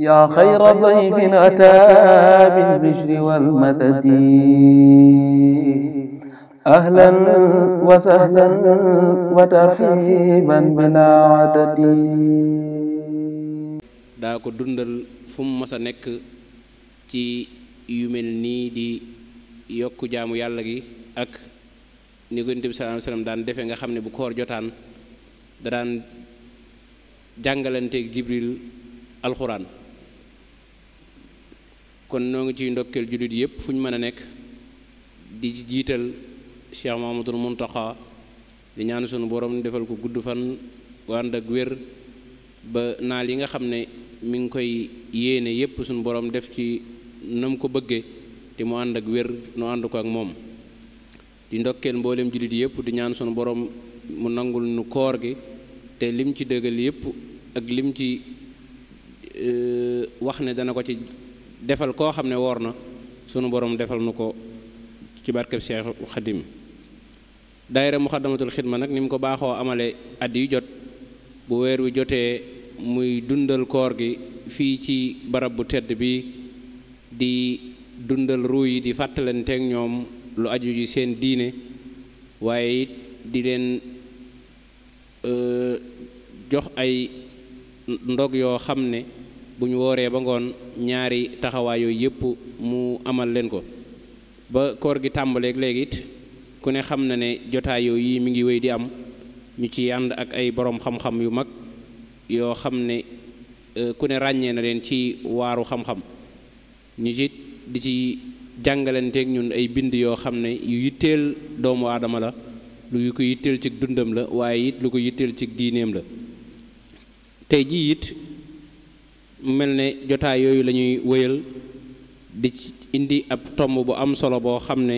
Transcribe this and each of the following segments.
yaa xayra dayfin ataa bil bishri wal madadi ahlan wa sahlan wa tarxiiban bilaa adadi daa ko dundal fu mu mas a nekk ci yu mel nii di yokk jaamu yàlla gi ak ni ko Yonent bi daan defe nga xam ne bu koor jotaan da daan jàngalanteeg Jibril alxuraan kon noo ngi ciy ndokkeel jullit yëpp fu ñu mën a nekk di ci jiital Cheikh Mahamadul Muntaxa di ñaan sunu borom defal ko gudd fan ànd ak wér ba naa li nga xam ne mi ngi koy yéene yëpp sunu boroom def ci nam ko bëggee te mu ànd ak wér nu ànd ko ak moom di ndokkeel mboolem jullit yëpp di ñaan sunu borom mu nangul nu koor gi te lim ci dëggal yépp ak lim ci euh, wax ne dana ko ci defal koo xam ne woor na sunu borom defal nu ko ci barkeb Seexu Xadim daayira Muxaddamatul Xidma nag ni mu ko baaxoo amale at yu jot bu weer wi jotee muy dundal koor gi fii ci barab bu tedd bi di dundal ruu yi di fàttalanteeg ñoom lu aju ji seen diine waaye it di leen euh, jox ay ndog yoo xam ne bu ñu wooree ba ngoon ñaari taxawaay yooyu yëpp mu amal leen ko ba koor gi tàmbaleek léegi ku ne xam na ne jotaay yooyu yi mi ngi wéy di am ñu ci ànd ak ay boroom xam-xam yu mag yoo xam ne euh, ku ne ràññee na leen ci waaru xam-xam ñu ci di ci jàngalanteek ñun ay bind yoo xam ne yu yitteel doomu aadama la lu ko yitteel ci dundam la waaye it lu ko yitteel ci diineem la tey jii it mu mel ne jotaay yooyu lañuy ñuy wëyal di indi ab tomb bu am solo boo xam ne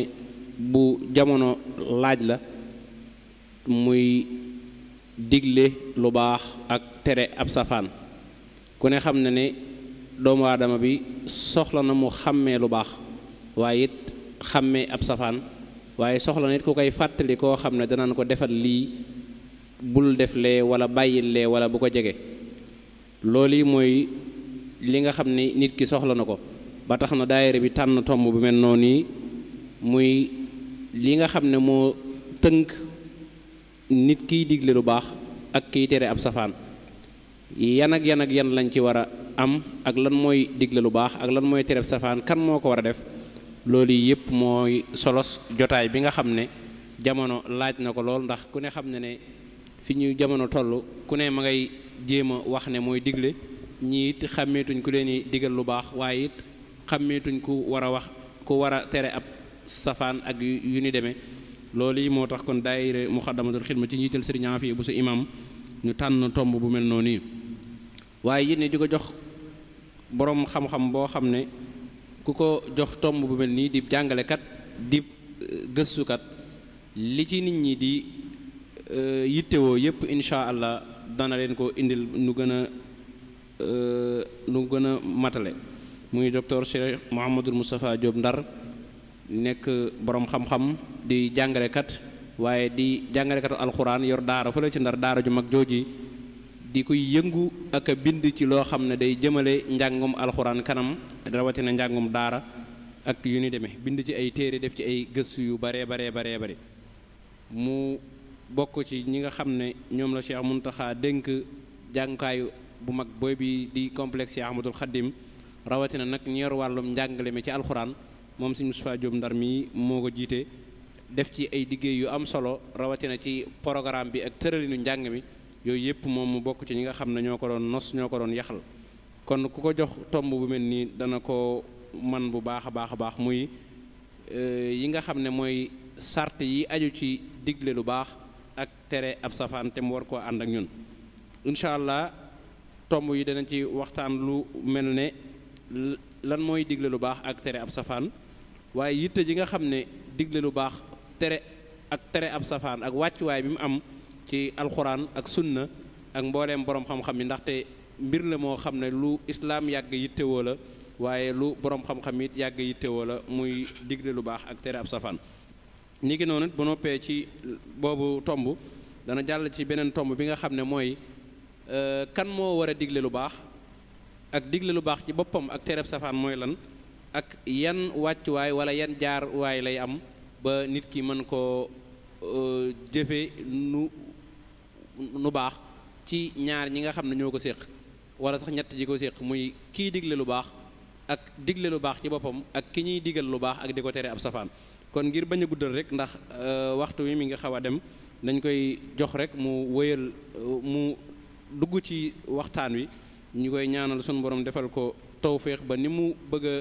bu jamono laaj la muy digle lu baax ak tere ab safaan ku ne xam na ne doomu aadama bi soxla na mu xàmmee lu baax waaye it xàmmee ab safaan waaye soxla nit ku koy fàttali koo xam ne danaan ko defal lii bul def lee wala bàyyil lee wala bu ko jege loolu mooy li nga xam ni nit ki soxla na ko ba tax na daayira bi tànn tomb bu mel noonu nii muy li nga xam ne moo tënk nit kiy digle lu baax ak kiy tere ab safaan yan ak yan ak yan lañ ci war a am ak lan mooy digle lu baax ak lan mooy tere ab safaan kan moo ko war a def loolu yëpp mooy solos jotaay bi nga xam ne jamono laaj na ko lool ndax ku ne xam ne ne fi ñu jamono toll ku ne ma ngay jéem a wax ne mooy digle ñii it xàmmeetuñ ku leen di digal lu baax waaye it xàmmeetuñ ku war a wax ku war a tere ab safaan ak yu ni demee loolu yi moo tax kon daayire muxaddamatul xidma ci njiital sëriñ Afiya bu su imam ñu tànn tomb bu mel noonu waaye it di ko jox boroom xam boo xam ne ku ko jox tomb bu mel nii di jàngalekat di eh, gëstukat li ci nit ñi di eh, yittewoo yépp incha allah dana leen ko indil nu gën a Euh, nu gën a matale muy docteur Cheikh Mouhamadul Moustapha Diop Ndar nekk boroom xam-xam di jàngalekat waaye di jàngalekatu alxuraan yor daara fële ci Ndar daara ju mag jooji di koy yëngu ak bind ci loo xam ne day jëmale njàngum alxuraan kanam rawatina njàngum daara ak yu ni deme bind ci ay téere def ci ay gëstu yu baree baree baree bare mu bokk ci ñi nga xam ne ñoom la Cheikh Muntaxa dénk jàngkaayu bu mag booy bii di complexe yi Ahmadul Xaddim rawatina nag ñeeru wàllum njàngale mi ci alxuraan moom Sëriñ Moustapha Diop Ndar mii moo ko jiite def ci ay liggéey yu am solo rawatina ci programme bi ak tëralinu njàng mi yooyu yëpp moom mu bokk ci ñi nga xam ne ñoo ko doon nos ñoo ko doon yaxal kon ku ko jox tomb bu mel nii dana ko man bu baax a baax a baax muy eh, yi nga xam ne mooy sart yi aju ci digle lu baax ak tere ab safaan te mu war koo ànd ak ñun tomb yi danañ ci waxtaan lu mel ne lan mooy digle lu baax ak tere ab safaan waaye yitte ji nga xam ne digle lu baax tere ak tere ab safaan ak wàccuwaay bi mu am ci alxuraan ak sunna ak mbooleem borom xam-xam yi ndaxte mbir la moo xam ne lu islaam yàgg yittewoo la waaye lu borom xam-xam it yàgg yittewoo la muy digle lu baax ak tere ab safaan ni ki noonu bu noppee ci boobu tomb dana jàll ci beneen tomb bi nga xam ne mooy Euh, kan moo war a digle lu baax ak digle lu baax ci boppam ak tereb safaan mooy lan ak yan wàccuwaay wala yan jaar waay lay am ba nit ki mën koo euh, jëfe nu nu baax ci ñaar ñi nga xam ne ñoo ko séq wala sax ñett ji ko séq muy kii digle lu baax ak digle lu baax ci boppam ak ki ñuy digal lu baax ak di ko tere ab safaan kon ngir bañ a rek ndax euh, waxtu wi mi ngi xaw a dem dañ koy jox rek mu wëyal mu dugg ci waxtaan wi ñu koy ñaanal sunu borom defal ko tawféex ba ni mu bëgg a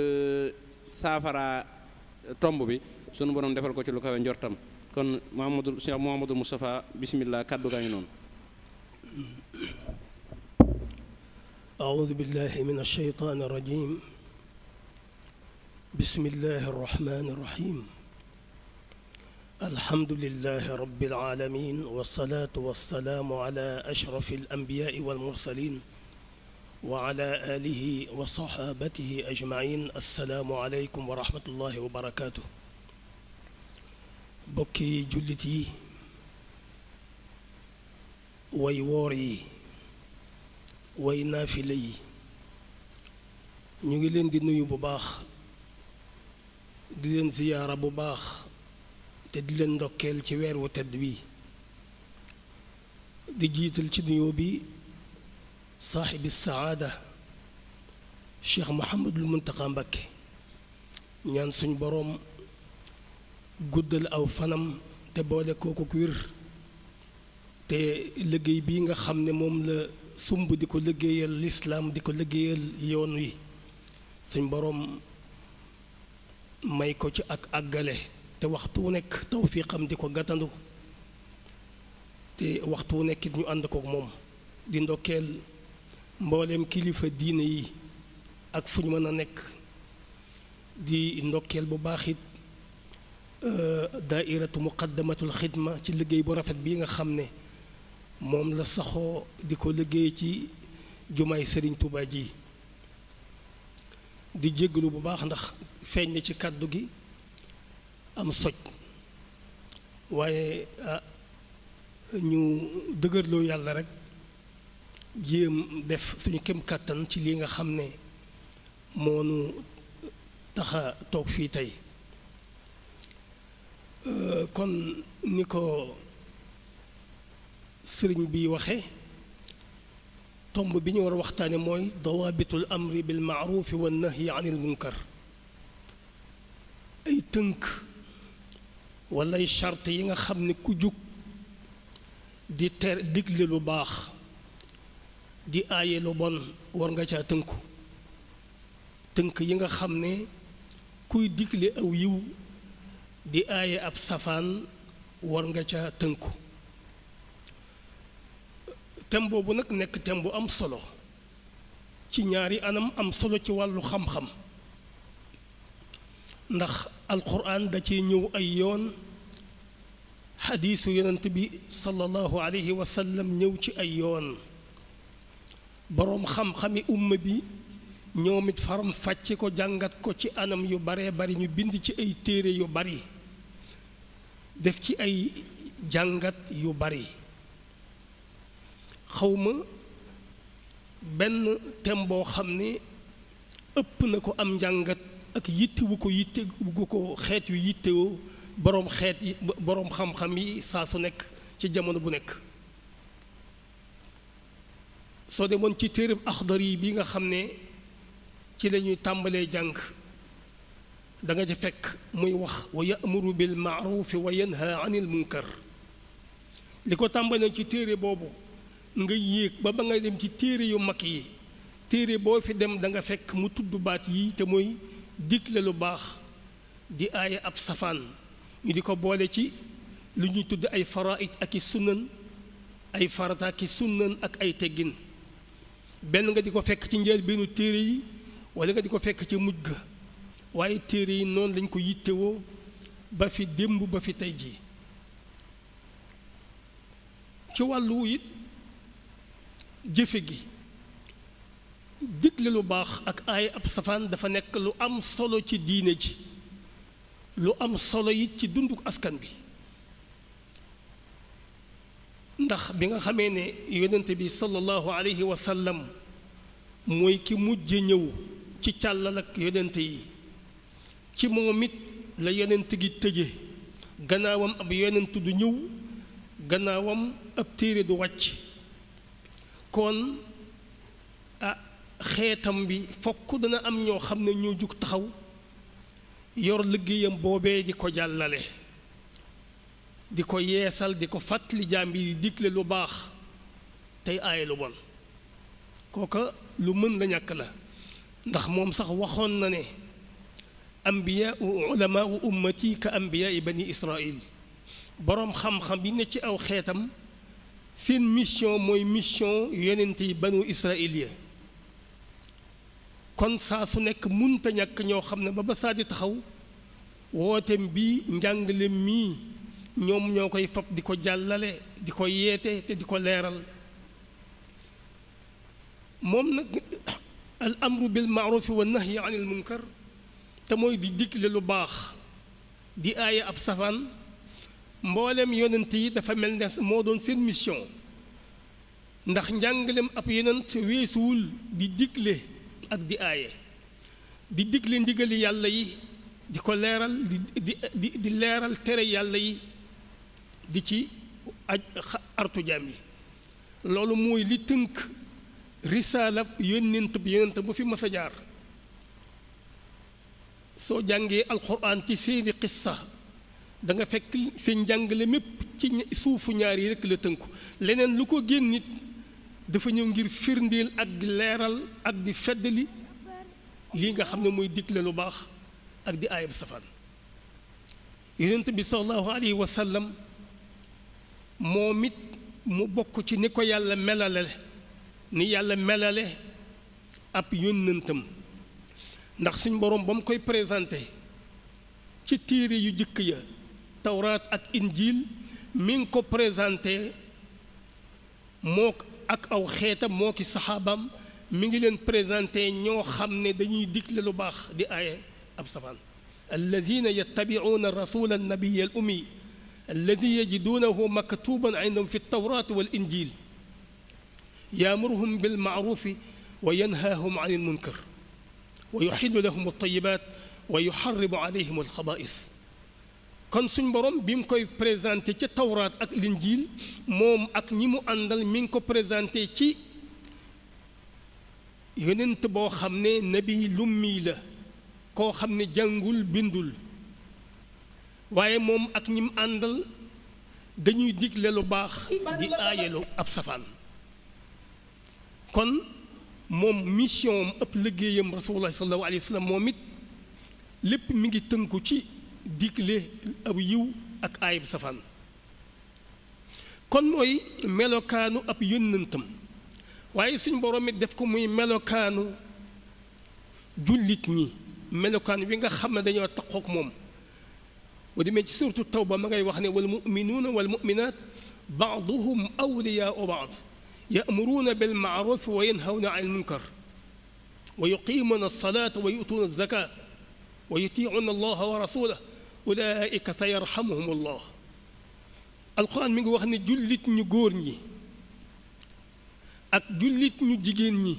e, saafara tomb bi sunu borom defal ko ci lu kawe njortam kon Mouhamadou Cheikh Mouhamadou kàddu gaa ngi noonu أعوذ بالله من الشيطان الرجيم بسم الله الرحمن الرحيم alhamdulilah rabbil aalamiin wasalaatu wasalaamu ala ashraf alambiyaai walmursalin wa ala aalihi wa saxaabatihi ajmain assalaamu aleykum wa rahmatullahi wa barakaatu. bokki jullit yi way woor yi way naafile yi ñu ngi leen di nuyu bu baax di leen ziyaara bu baax te di leen ndokkeel ci weer wu tedd bii di jiital ci nuyoo bi saaxibi saada cheikh Mouhamadul Muntaqa Mbakke ñaan suñ boroom guddal aw fanam te boole kooku wér te liggéey bii nga xam ne moom la sumb di ko liggéeyal lislaam di ko liggéeyal yoon wi suñ boroom may ko ci ak àggale te waxtu wu nekk tawfiqam di ko gàttandu te waxtu wu nekk ñu ànd kook moom di ndokkeel mbooleem kilifa diine yi ak fu ñu mën a nekk di ndokkeel bu baaxit it euh, daairatu muqaddamatul xidma ci liggéey bu rafet bii nga xam ne moom la saxoo di ko liggéey ci jumaay sëriñ Tuubaa yi di jéggalu bu baax ndax feeñ na ci kàddu gi am soj waaye ah ñu dëgërloo yàlla rek jéem def suñu kem kàttan ci lii nga xam ne moo nu taxa toog fii tey euh, kon ni ko sëriñ bi waxe tomb bi ñu war a waxtaane mooy dawaabitul amri bil maarufi wa nahyi anil munkar ay tënk wala ay charte yi nga xam ne ku jug di ter digle lu baax di aaye lu bon war nga caa tënku tënk yi nga xam ni kuy digle aw yiw di aaye ab safaan war nga caa tënku tem boobu nag nekk tem bu am solo ci ñaari anam am solo ci wàllu xam-xam ndax alquran da cee ñëw ay yoon xadiisu yonent bi sallallahu alayhi wa ñëw ci ay yoon boroom xam-xami uma bi ñoom faram fàcce ko jàngat ko ci anam yu baree bari ñu bind ci ay téere yu bari def ci ay jàngat yu bari xawma benn thème boo xam ne ëpp na ko am njàngat ak yitte ko yitte wu ko xeet yu yittewoo boroom xeet yi boroom xam-xam yi saa su nekk ci jamono bu nekk soo demoon ci téere téereb Axdari yi bi nga xam ne ci lañuy tàmbalee jàng danga nga ci fekk muy wax wa ya'muru bil ma'rufi wa yanha anil munkar li ko tàmbalee ci téere boobu nga yéeg ba ba nga dem ci téere yu mag yi téere boo fi dem danga fekk mu tudd baat yi te mooy digle lu baax di aaye ab safaan ñu di ko boole ci lu ñuy tudd ay faraid ak i sunnan ay farata ak i sunnan ak ay teggin benn nga di ko fekk ci njëlbéenu téere yi walla nga di ko fekk ci mujj ga waaye téere yi noonu lañ ko yittewoo ba fi démb ba fi tey jii ci wàllu it jëfe gi digle lu baax ak ay ab safaan dafa nekk lu am solo ci diine ji lu am solo it ci dundu askan bi ndax bi nga xamee ne yonent bi sallallahu alayhi wa sallam mooy ki mujj ñëw ci càllal ak yonent yi ci moom it la yonent gi tëje gannaawam ab yonent du ñëw gannaawam ab téere du wàcc kon xeetam bi fokk dana am ñoo xam ne ñoo jug taxaw yor liggéeyam boobee di ko jàllale di ko yeesal di ko fàttali jaam bi di digle lu baax tey aaye lu bon kooka lu mën la ñàkk la ndax moom sax waxoon na ne ambiyaa u ulamaa u ummati ka ambiyaa i bani israil boroom xam-xam yi ne ci aw xeetam seen mission mooy mission yonent yi banu israil ya kon saa su nekk munta ñàkk ñoo xam ne ba ba saa di taxaw wooteem bi njàngaleem mii ñoom ñoo koy fab di ko jàllale di ko yeete te di ko leeral moom nag al amru bil maarufi wa mu anil munkar te mooy di digle lu baax di aaye ab safaan mboolem yonent yi dafa mel ne moo doon seen mission ndax njàngaleem ab yonent weesuwul di digle ak di aaye di digle ndigali yàlla yi di ko leeral di di di leeral tere yàlla yi di ci aj artu jaam yi loolu mooy li tënk risaalab yónnent bi yónnent bu fi mas a jaar soo jàngee alxuraan ci seeni qissa da fekk seen njàngale mépp ci suufu ñaar rekk la tënku leneen lu ko génn nit dafa ñëw ngir firndeel ak leeral ak di feddali lii nga xam ne mooy digle lu baax ak di aayab safaan yonent bi sallallahu alayhi wa sallam moom it mu bokk ci ni ko yàlla melale ni yàlla melale ab yónnantam ndax suñ boroom ba mu koy présenté ci téere yu jëkk ya tawraat ak injiil mi ngi ko présenté mook ak aw xeetam moo ki saxaabam mi ngi leen présenté ñoo xam ne dañuy digle lu baax di aaye ab safaan alladina yattabicuuna rasula annabiya al ummi alladi yajiduunahu maktuban indahum fi ltawrat wal injil yaamuruhum bilmacrufi wa yanhaahum an ilmunkar wa yuxilu lahum altayibat wa yuxarimu alayhim alxabais kon suñ boroom bi mu koy présenté ca tawraat ak linjiil moom ak ñi mu àndal mi ngi ko présenté ci yonent boo xam ne nabi lummi la koo xam ne jàngul bindul waaye moom ak ñi mu àndal dañuy digle lu baax di aayelu ab safaan kon moom mission am ëpp liggéeyam rasulullah sallallahu moom it lépp mi ngi tënku ci digle ab yiw ak aayib safaan kon mooy melokaanu ab yónnantam waaye suñ borom mi def ko muy melokaanu jullit ñi melokaan wi nga xam ne dañoo taqook moom boo demee ci surtu tawba ma ngay wax ne wal muminuuna wal muminaat baaduhum baad yamuruuna bil wa yanhawna an il munkar wa yuqimuuna alsalaata wa yu'tuuna alzaka wa yutiicuuna allaha wa rasulahu ulaika sa yarhamuhumullah alquran mi ngi wax ne jullit ñu góor ñi ak jullit ñu jigéen ñi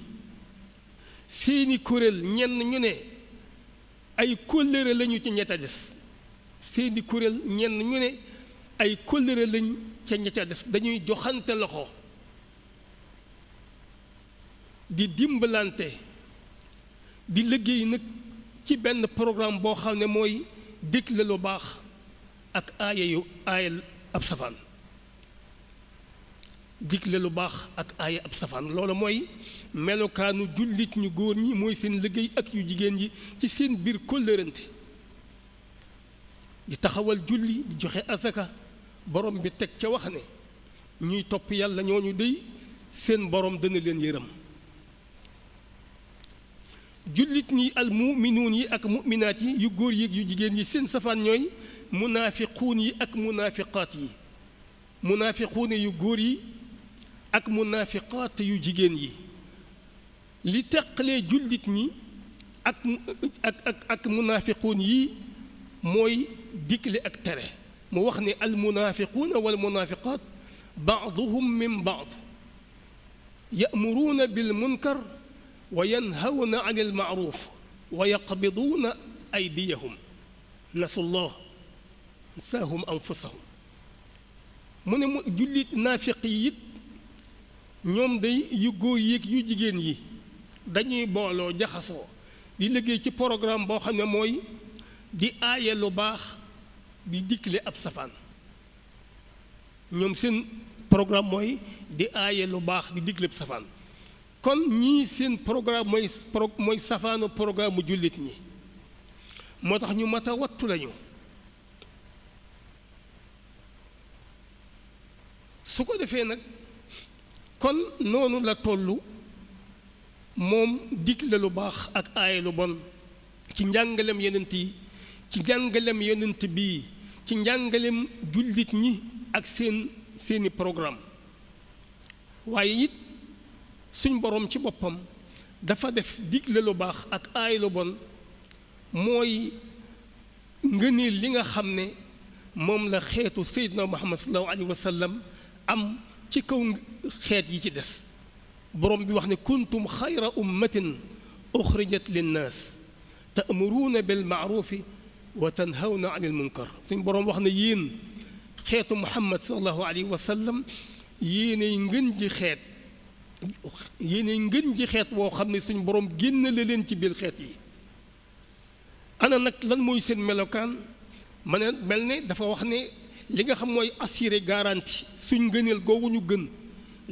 seeni kuréel ñenn ñu ne ay kóllëre lañu ca ñetta des seeni kuréel ñenn ñu ay kóllëre lañ ca ñetta des dañuy joxante loxo di dimbalante di liggéey nag ci benn programme boo xam ne mooy digle lu baax ak aaya yu aayal ab safaan digle lu baax ak aaya ab safaan loolu mooy melokaanu jullit ñu góor ñi mooy seen liggéey ak yu jigéen yi ci seen biir kóllërante di taxawal julli di joxe asaka borom bi teg ca wax ne ñuy topp yàlla ñoo ñu dey seen borom dana leen yërëm jullit ñi al yi ak muminaat yi yu góor yi yu jigéen yi seen safaan ñooy munaafiquun yi ak munaafiqaat yi munaafiquun yu góor yi ak munaafiqaat yu jigéen yi li teqalee jullit ñi ak ak ak ak munaafiquun yi mooy digle ak tere mu wax ne al munaafiquuna wal munaafiqaat baaduhum min baad yamuruuna bil munkar wa yanhawna an il maaruf wa yaqbiduuna aydiyahum nasu llah nsaahum anfusahum mu ne mu jullit naafiq yi it ñoom day yu góor yéeg yu jigéen yi dañuy booloo jaxasoo di liggéey ci programme boo xam ne mooy di aaye lu baax di dikkle ab safaan ñoom seen programme mooy di aaye lu baax di dikkle ab safaan kon ñii seen programme mooy safaanu programme mu jullit ñi moo tax ñu mat wattu lañu su ko defee nag kon noonu la tollu moom digle lu baax ak aaye lu bon ci njàngalem yonent yi ci njàngalem yonent bii ci njàngalem jullit ñi ak seen seeni programme waaye it suñ borom ci boppam dafa def digle lu baax ak aay lu bon mooy ngëneel li nga xam ne moom la xeetu seydina muhammad sallallahu wa sallam am ci kaw xeet yi ci des borom bi wax ne kuntum xayra ummatin uxrijat linnaas taamuruuna bil maarufi wa tanhawna anil munkar suñ borom wax ne yéen xeetu muhammad sallallahu alayhi wa sallam ngën ji xeet yéene ngën ji xeet woo xam ne suñ boroom génn la leen ci biir xeet yi ana nag lan mooy seen melokaan ma ne mel ni dafa wax ne li nga xam mooy assuré garanti suñ ngëneel googu ñu gën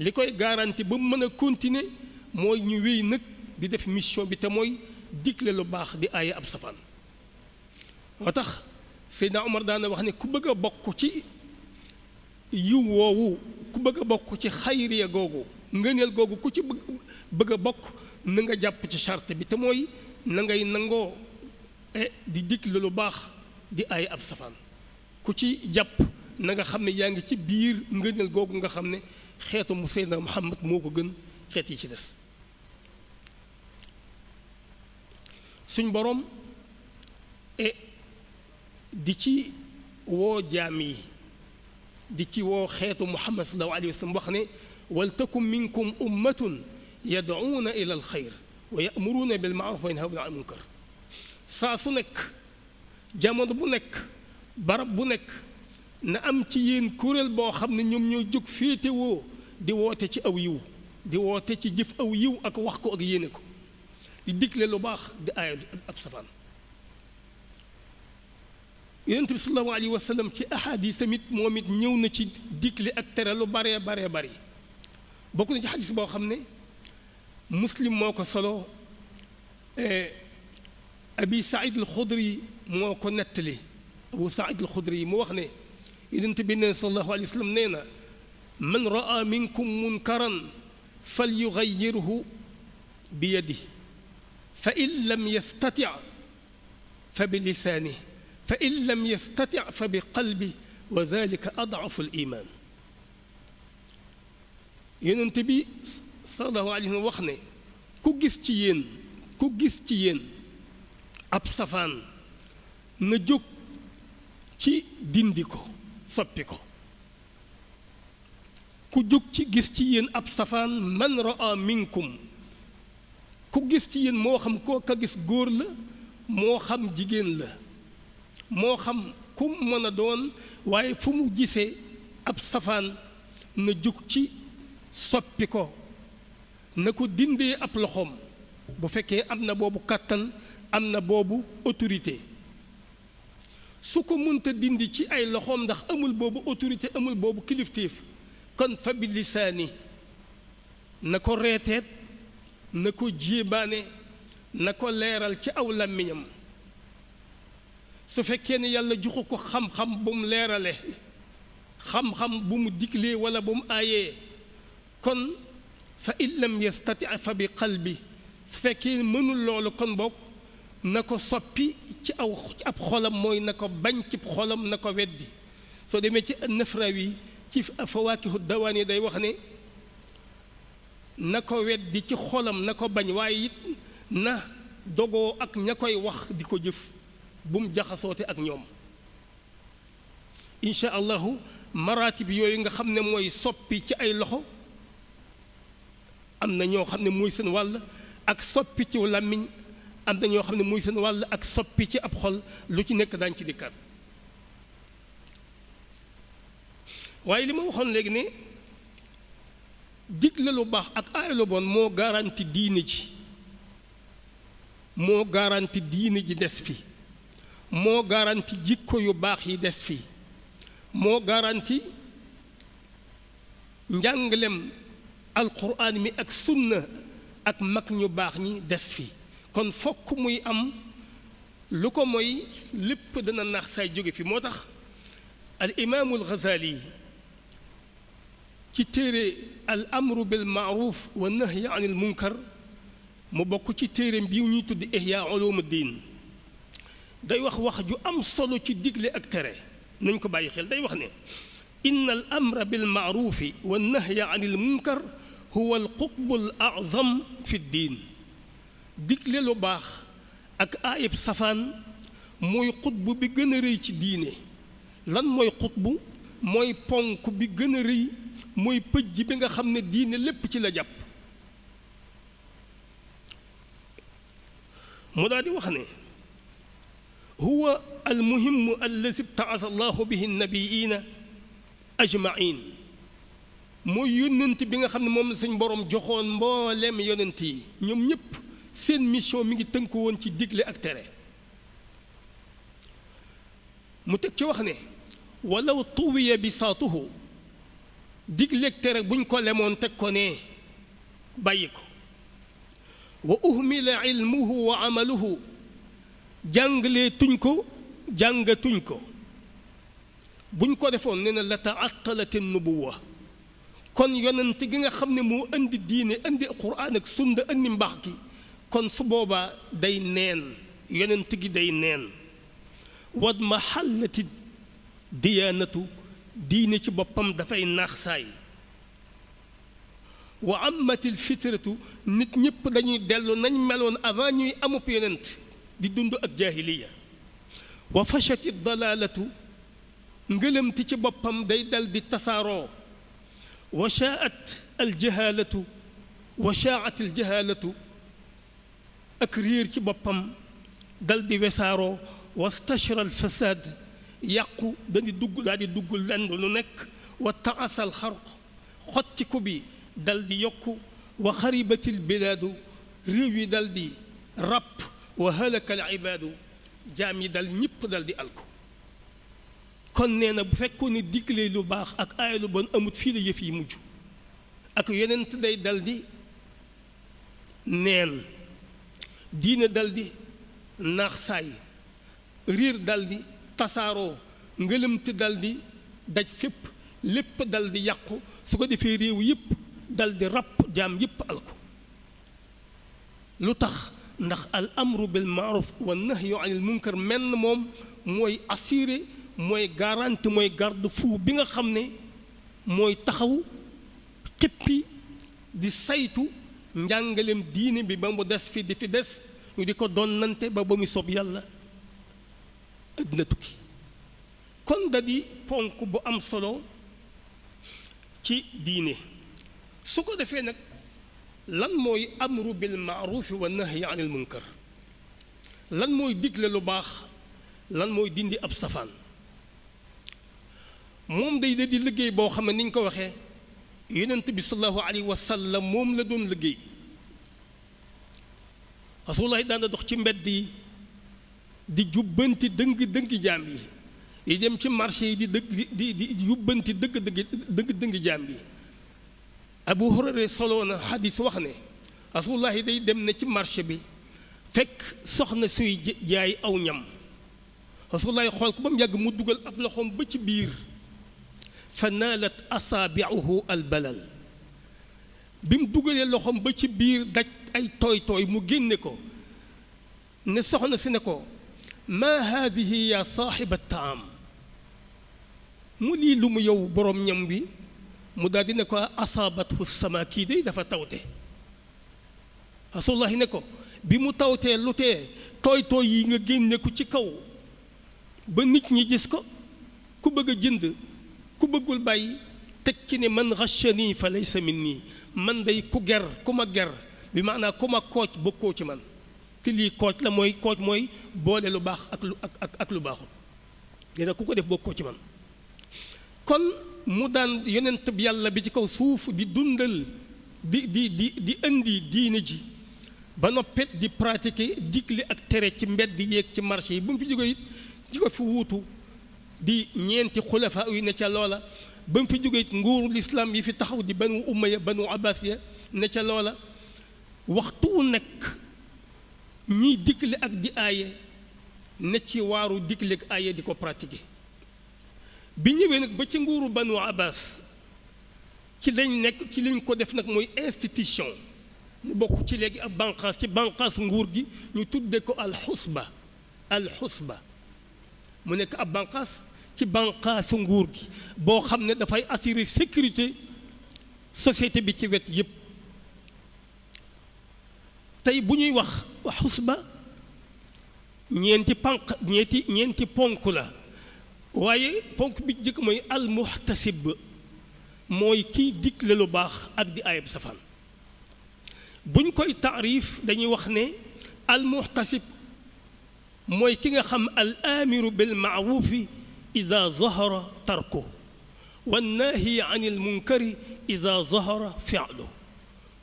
li koy garanti ba mu mën a continuer mooy ñu wéy nag di def mission bi te mooy digle lu baax di aaye ab safaan moo tax Seydina Omar daana wax ne ku bëgg bokk ci yiw woowu ku bëgg a bokk ci xayriya googu ngëneel googu ku ci bëgg bëgg a bokk na nga jàpp ci charte bi te mooy na ngay nangoo eh, di digle lu baax di ay ab safaan ku ci jàpp na nga xam ne yaa ngi ci biir ngëneel googu nga xam ne xeetu mu Seydina Muhammad moo ko gën xeet yi ci des suñ boroom e, di ci woo jaam yi di ci woo xeetu Muhammad sallallahu alayhi wa sallam wax ne waltakun minkum ummatun yad'uuna ila al xayr wa ya'muruuna bil ma'ruf wa yanhawna anil munkar saa su nekk jamono bu nekk barab bu nekk na am ci yéen kuréel boo xam ne ñoom ñoo jóg féetewoo di woote ci aw yiw di woote ci jëf aw yiw ak wax ko ak yéene ko di digle lu baax di aaya ab safaan yonent bi sallallahu alayhi wa sallam ci ahadis tamit moom it ñëw na ci digle ak tere lu baree baree bari bokk na ci xadis boo xam ne muslim moo ko solo e abi said alxudri moo ko nettali abu said alxudri mu wax ne yonent bi nee sallallahu alayhi wa sallam nee na man raa minkum munkaran fal yugayirhu bi yadihi fa in lam yastati fa bi lisaanihi fa in lam yastati fa bi qalbihi wa dalika adafu al iman yonent bi sallallahu alayhi wa wax ne ku gis ci yéen ku gis ci yéen ab safaan na jóg ci dindi ko soppi ko ku jóg ci gis ci yéen ab safaan man raa minkum ku gis ci yéen moo xam koo ka gis góor la moo xam jigéen la moo xam ku mën a doon waaye fu mu gisee ab safaan na jóg ci soppi ko na ko dindee ab loxoom bu fekkee am na boobu kàttan am na boobu autorité su ko mënta dindi ci ay loxoom ndax amul boobu autorité amul boobu kilifteef kon fa bi na ko reeteet na ko jéebaane na ko leeral ci aw làmmiñam su fekkee ne yàlla joxu ko xam-xam bu mu leerale xam-xam bu mu diglee wala bu mu aayee kon fa in lam yastati fa bi qalbi su fekkee mënul loolu kon boog na ko soppi ci aw ci ab xolam mooy na ko bañ ci xolam na ko weddi soo demee ci Nafrawi ci Fawaakihu Dawaan yi day wax ne na ko weddi ci xolam na ko bañ waaye it na dogoo ak ña koy wax di ko jëf bu mu jaxasoote ak ñoom incha allahu maraatib yooyu nga xam ne mooy soppi ci ay loxo am na ñoo xam ne muy seen wàll ak soppi ci làmmiñ am na ñoo xam ne muy seen wàll ak soppi ci ab xol lu ci nekk daañ ci dikkat waaye li ma waxoon léegi ne digle lu baax ak aaya lu bon moo garanti diine ji moo garanti diine ji des fi moo garanti jikko yu baax yi des fi moo garanti njànglem alquran mi ak sunna ak mag ñu baax ñi des fi kon fokk muy am lu ko moy lépp dana nax saay jóge fi moo tax al imaamu al ci téere al amru bil maaruf wa nahyi anil munkar mu bokk ci téere bii ñuy tudd ihya ulumuddin day wax wax ju am solo ci digle ak tere nañ ko bàyyi xel day wax ne inna al amra bil wa nahya anil munkar huwa al qutbul fi diin digle lu baax ak ayib safaan mooy xutbu bi gën a rëy ci diine lan mooy xutbu mooy ponk bi gën a rëy mooy pëj bi nga xam ne diine lépp ci la jàpp mu daal di wax ne huwa al muhimmu allazi btaasa allahu bihi nabiyina ajmain mooy yónnent bi nga xam ne moom la boroom borom joxoon mboolem yonent yi ñoom ñëpp seen mission mi ngi tënku woon ci digle ak tere mu teg ci wax ne walaw tuwiya bi saatuhu digle ak tere buñ ko lemoon teg ko ne bàyyi ko wa uhmila ilmuhu wa amaluhu jàngalee ko jàngatuñ ko buñ ko defoon nee na la taattalati nubuwa kon yonent gi nga xam ne moo indi diine indi quraan ak sunna indi mbaax gi kon su boobaa day neen yonent gi day neen wad ma xallati diyaanatu diine ci boppam dafay naax saay wa amatil fitratu nit ñëpp dañuy dellu nañ meloon avant ñuy amub yonent di dund ak jaahiliya wa fashati dalalatu ngëlëmti ci boppam day daldi di tasaaroo wa shaat aljahaalatu wa shaat aljahaalatu ak réer ci boppam dal di wesaaroo wastashra alfasaad yàqu dañu dugg daal dugg lenn lu nekk wa taasal xarq xottiku bi daldi yokku wa xaribatil bilaadu réew yi dal di ràpp wa halaka al ibaadu jaam yi dal ñëpp dal di alku kon nee na bu fekkoon ne digle lu baax ak aaya lu bon amut fii la yëf yi mujj ak yonent day daldi di neen diine dal di naax saay riir dal tasaaroo ngëlëmte daldi daj fépp lépp daldi yàqu su ko defee réew yëpp daldi di ràpp jaam yëpp alko lu tax ndax al amru bil maaruf wa nahyu anil munkar menn moom mooy assuré mooy garante mooy gàrdu fou bi nga xam ne mooy taxaw xippi di saytu njàngaleem diine bi ba mu des fi di fi des ñu di ko donnante ba ba mu sob yàlla àddina tukki kon da ponk bu am solo ci diine su ko defee nag lan mooy amru bil maarufi wa nahyi anil munkar lan mooy digle lu baax lan mooy dindi ab safaan moom day da di liggéey boo xam ne ni ñu ko waxee yonent bi sallallahu alayhi wa sallam moom la doon liggéey rasulullah daan dox ci mbedd yi di jubbanti dëng dëng dem ci marché yi di dëgg di di jubbanti dëgg dëgg dëgg dëng jaam yi abu hurayra soloo na xadis wax ne rasulullah day dem na ci marché bi fekk soxna suy jaay aw ñam rasulullah xool ko ba mu yàgg mu dugal ab loxoom ba ci biir fa naalat asaabiuhu albalal bi mu dugalee loxoom ba ci biir daj ay tooy tooy mu génne ko ne soxna si ne ko maa haadihi yaa saaxiba taam mu lii lu mu yow borom ñam bi mu daldi ne ko asaabathu sama kii day dafa tawte rasulullahi ne ko bi mu tawtee lu tee tooy tooy yi nga génne ko ci kaw ba nit ñi gis ko ku bëgg a jënd ku bëggul bàyyi teg ci ne man rachani fa laysa nii man dey ku ger ku ma ger bi maanaa ku ma kooj bokkoo ci man te lii kooj la mooy kooj mooy boole lu baax ak lu ak ak lu baaxul dina ku ko def bokkoo ci man kon mu daan yonent yàlla bi ci kaw suuf di dundal di di di di indi diine ji ba noppet di pratiquer digle ak tere ci mbedd yeeg ci marché yi ba mu fi jógee it di ko fi wuutu di ñeenti xulafa yu ne ca loola ba mu fi jógee nguuru lislaam yi fi taxaw di banu umaya banu abbasiya ne ca loola waxtu wu nekk ñiy digle ak di aaye ne ci waaru digle ak aaye di ko pratiquer bi ñëwee nag ba ci nguuru banu abbas ci lañ nekk ci lañ ko def nag mooy institution mu bokk ci léegi ab banqaas ci banqaas nguur gi ñu tudde ko alxusba alxusba mu nekk ab banqaas ci bànqaasu nguur gi boo xam ne dafay assurer sécurité société bi ci wet yépp tey bu ñuy wax xusba ñeenti ñeenti ponk la waaye ponk bi jëkk mooy almuhtasib mooy kiy digle lu baax ak di ayab safaan buñ koy taarif dañuy wax ne almuhtasib mooy ki nga xam al aamiru bil maaruufi ida zahara tarku wannaahi an il munkari ida zahara fialu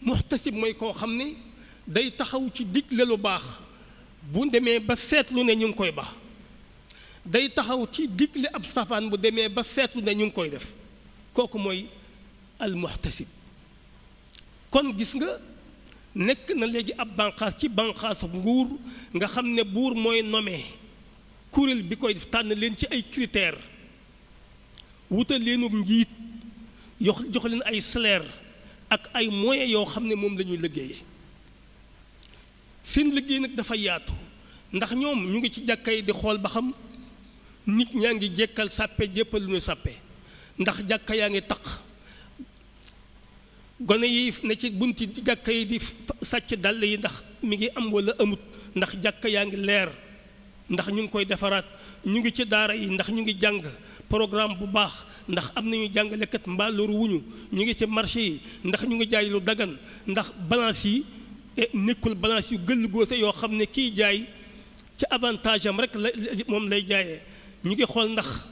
muxtasib mooy koo xam ne day taxaw ci digle lu baax bu demee ba seetlu ne ñu ngi koy baax day taxaw ci digle ab safaan bu demee ba seetlu ne ñu ngi koy def kooku mooy al muxtasib kon gis nga nekk na léegi ab banqaas ci banqaasu nguur nga xam ne buur mooy nomee kuréel bi koy tànn leen ci ay critères wutal leenub njiit yox jox leen ay seleer ak ay moyens yoo xam ne moom lañuy ñuy liggéeyee seen liggéey nag dafa yaatu ndax ñoom ñu ngi ci jàkka yi di xool ba xam nit ñaa ngi jekkal sàppe jéppal lu ñu sàppe ndax jàkka yaa ngi taq gone yi ne ci bunti jàkka yi di sàcc dàll yi ndax mi ngi am wala amut ndax jàkka yaa ngi leer ndax ñu ngi koy defaraat ñu ngi ci daara yi ndax ñu ngi jàng programme bu baax ndax am nañu jàngalekat mbaa loru wu ñu ñu ngi ci marché yi ndax ñu ngi jaay lu dagan ndax balance yi e, nekkul balance yu gëll góose yoo xam ne kiy jaay ci avantage am rek la moom lay jaayee ñu ngi xool ndax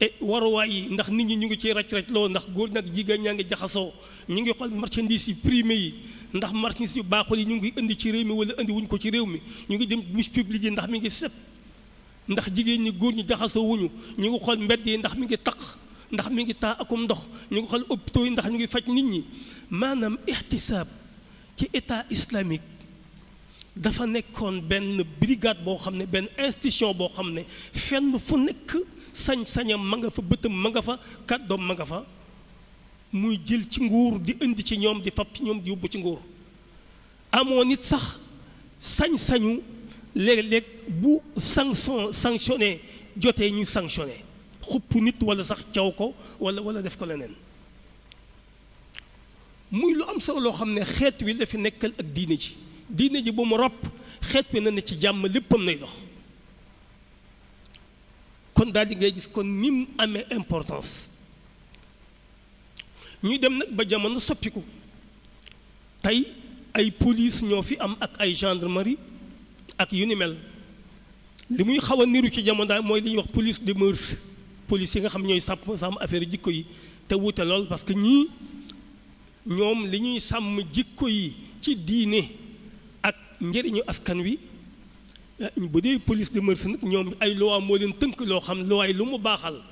e, waruwaay yi ndax nit ñi ñu ngi ciy raj raj loo ndax góor nag jigéen ñaa ngi jaxasoo ñu ngi xool marchandise yi primé yi ndax marchandise yu baaxul yi ñu ngi indi ci réew mi wala indi wuñ ko ci réew mi ñu ngi dem bus publique yi ndax mi ngi sëpp ndax jigéen ñi góor ñi jaxasoo wuñu ñu ngi xool mbedd yi ndax mi ngi taq ndax mi ngi taa akum ndox ñu ngi xool hôpitaux yi ndax ñu ngi faj nit ñi maanaam ihtisaab ci état islamique dafa nekkoon benn brigade boo xam ne benn instition boo xam ne fenn fu nekk sañ-sañam ma nga fa bëtam ma nga fa kàddoom ma nga fa muy jël ci nguur di indi ci ñoom di fab ci ñoom di yóbbu ci nguur amoon nit sax sañ-sañu léeg-léeg bu sanction sanctionné jotee ñu sanctionné xupp nit wala sax caw ko wala wala def ko leneen muy lu am solo loo xam ne xeet wi fi nekkal ak diine ji diine ji bu mu ropp xeet wi na ne ci jàmm léppam nay dox kon daal di ngay gis kon ni mu amee importance ñuy dem nag ba jamono soppiku tey ay police ñoo fi am ak ay gendarmerie ak yu ni mel li muy xaw a niru ci jamono daal mooy li ñuy wax police de mœurs police yi nga xam ñooy sàpp sàmm affaire jikko yi te wute lool parce que ñii ñoom li ñuy sàmm jikko yi ci diine ak njëriñu askan wi eh, bu dee police de mœurs nag ñoom ay loi moo leen tënk loo xam loi lu mu baaxal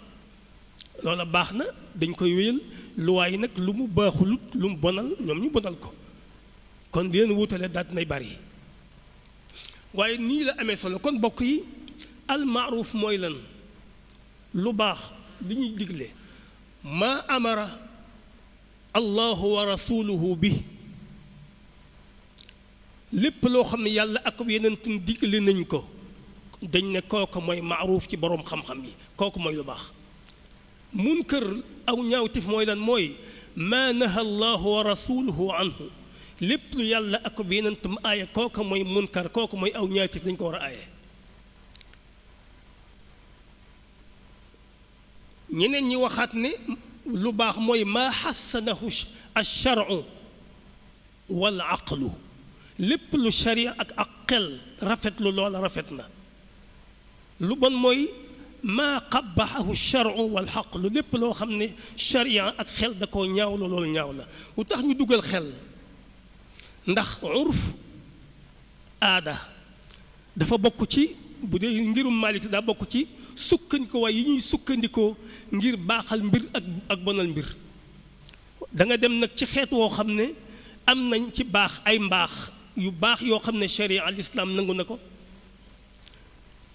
loola baax na dañ koy wéyal luwaa yi nag lu mu baaxulut lu mu bonal ñoom ñu bonal ko kon di leen wutale daat nay bari waaye nii la amee solo kon bokk yi almaaruuf mooy lan lu baax li ñuy digle maa amara allahu wa rasuluhu bi lépp loo xam ne yàlla ak yeneen digle nañ ko dañ ne kooku mooy maaruuf ci boroom xam-xam yi kooku mooy lu baax munkar aw ñaawtif mooy lan mooy maa naha allahu wa rasuluhu anhu lépp lu yàlla ak bi yeneen tam aaya kooka mooy munkar kooka mooy aw ñaawtif dañ ko war a aaye ñeneen ñi waxaat ne lu baax mooy maa xassanahu alcharu wal aqlu lépp lu sharia ak ak xel rafetlu loola rafet na lu bon mooy maa qabaxahu charu wal xaq lu lépp loo xam ne charia ak xel da koo ñaaw la loolu ñaaw la lu tax ñu dugal xel ndax urf aada dafa bokk ci bu dee ngirum malit daa bokk ci sukkandikoo waaye yi ñuy sukkandikoo ngir baaxal mbir ak ak bonal mbir danga dem nag ci xeet woo xam ne am nañ ci baax ay mbaax yu baax yoo xam ne charia al islam nangu na ko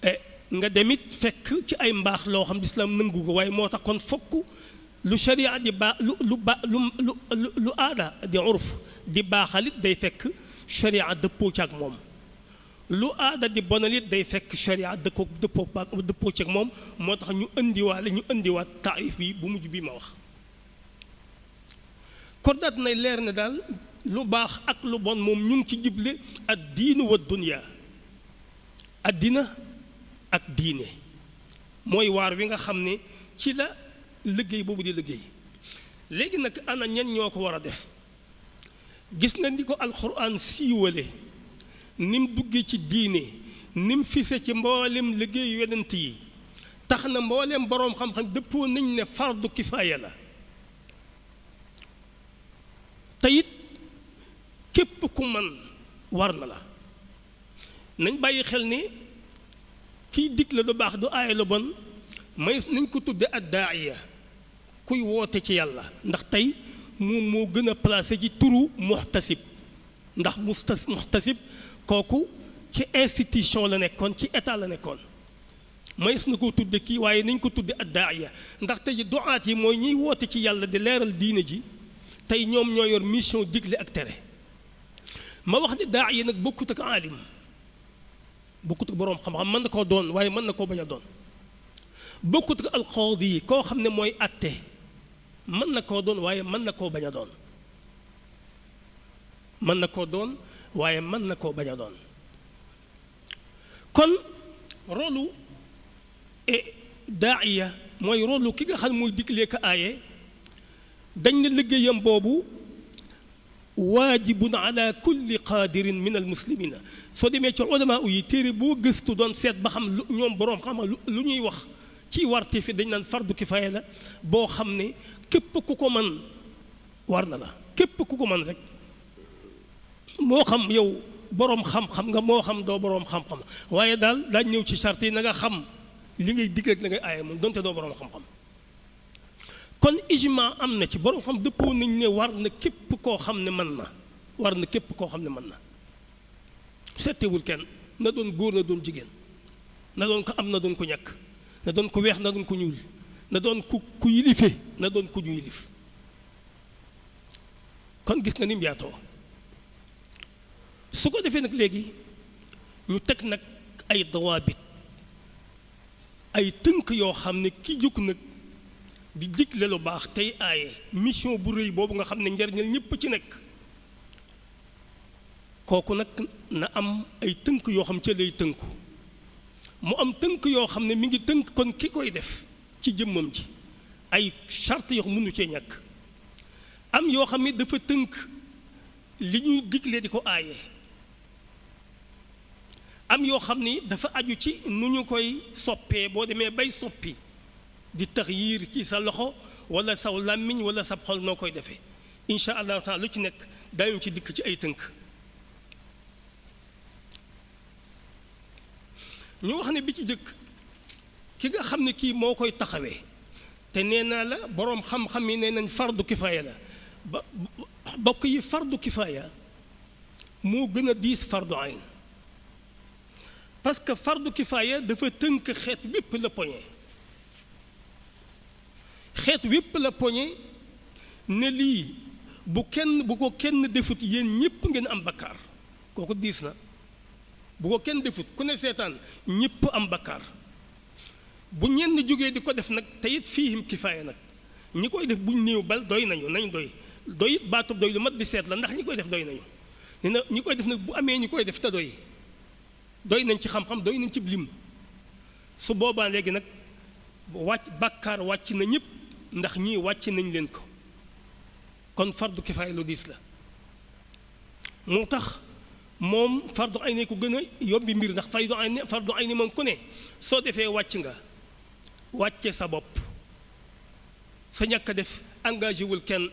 eh, nga demit fekk ci ay mbaax loo xam lislaam nëngu ko waaye moo tax kon fokk lu sharia di baax lu lu lu aada di urf di baaxalit day fekk sharia dëppoo ci ak moom lu aada di bonalit day fekk sharia dëkkoo dëppoo dëppoo ci moom moo tax ñu indiwaale ñu indiwaat taarif bi bu mujj bii ma wax kon daat nay leer ne daal lu baax ak lu bon moom ñu ci jible ad diinu wa addina ak diine mooy waar wi nga xam ni ci la liggéey boobu di liggéey léegi nag ana ñen ñoo ko war a def gis na ni ko alxuraan siiwale ni mu duggee ci diine ni fise ci mboolem liggéey yonent yi tax na mboolem boroom xam-xam dëppoo nañ ne fardu kifaaya la te it képp ku man war na la nañ bàyyi xel ni kiy la lu baax du aaye lu bon may nañ ko tudde ad daaiya kuy woote ci yàlla ndax tey moom moo gën a placé ci turu muxtasib ndax mustas muxtasib kooku ci institution la nekkoon ci état la nekkoon mays na ko tudde kii waaye nañ ko tudde ad daaiya ndax tey duaat yi mooy ñuy woote ci yàlla di leeral diine ji tey ñoom ñoo yor mission digle ak tere ma wax daa daaiya nag bokkut ak aalim bokkut boroom xam-xam mën na koo doon waaye mën na koo bañ a doon bokkut ak alqaadi yi koo xam ne mooy atte mën na koo doon waaye mën na koo bañ a doon mën na koo doon waaye mën na koo bañ a doon kon rolu e daaiya mooy rolu ki nga xam muy diglee ko aaye dañ ne liggéeyam boobu waajibun ala kulli qaadirin min almuslimina soo demee ci ulama yi téere boo gëstu doon seet ba xam ñoom boroom xam lu ñuy wax ci warte fi dañ naan fardu kifaaya la boo xam ne képp ku ko man war na la képp ku ko mën rek moo xam yow boroom xam-xam nga moo xam doo boroom xam-xam waaye daal daal ñëw ci charte na nga xam li ngay digg ak la ngay aaye moom donte doo boroom xam-xam kon ijma am na ci borom xam dëppoo nañ ne war na képp koo xam ne man na war na képp koo xam ne mën na settewul kenn na doon góor na doon jigéen na doon ko am na doon ko ñàkk na doon ko weex na doon ko ñuul na doon ku ku yilife na doon ku ñu yilif kon gis nga ni mu yaatoo su ko defee nag léegi ñu teg nag ay dawaabit ay tënk yoo xam ne ki jóg nag di digle lu baax tey aaye mission bu rëy boobu nga xam ne njariñal ñëpp ci nekk kooku nag na am ay tënk yoo xam ci lay tënku mu am tënk yoo xam ne mi ngi tënk kon ki koy def ci jëmmam ji ay charte yoo mënu cee ñàkk am yoo xam ne dafa tënk li ñuy digle di ko aaye am yoo xam ni dafa aju ci nu ñu koy soppee boo demee bay soppi di tax yiir ci sa loxo wala saw làmmiñ wala sab xol noo koy defee incha allah taala lu ci nekk dañu ci dikk ci ay tënk ñu wax ne bi ci jëkk ki nga xam ne kii moo koy taxawee te nee naa la boroom xam-xam yi nee nañ fardu kifaaya la ba bokk yi fardu kifaaya moo gën a diis fardu ayn parce que du kifaaya dafa tënk xeet bépp la poñe xeet wépp la poñe ne lii bu kenn bu ko kenn defut yéen ñëpp ngeen am bakkaar kooku diis na bu ko kenn defut ku ne seetaan ñëpp am bakkaar bu ñenn jógee di ko def nag te it fiihim kifaaya nag ñi koy def buñ néew bal doy nañu nañ doy doy baatub doy lu mat di seet la ndax ñi koy def doy nañu nee ñi koy def nag bu amee ñi koy def te doy doy nañ ci xam-xam doy nañ ci biim su boobaa léegi nag wàcc bakkaar wàcc na ñëpp ndax ñii wàcc nañ leen ko kon fardu kifaay lu diis la moo tax moom fardu ay ni ku gën a yóbbi mbir ndax faydu ay ni fardu ay ni moom ku ne soo defee wàcc nga wàcce sa bopp sa ñàkk def engagé wul kenn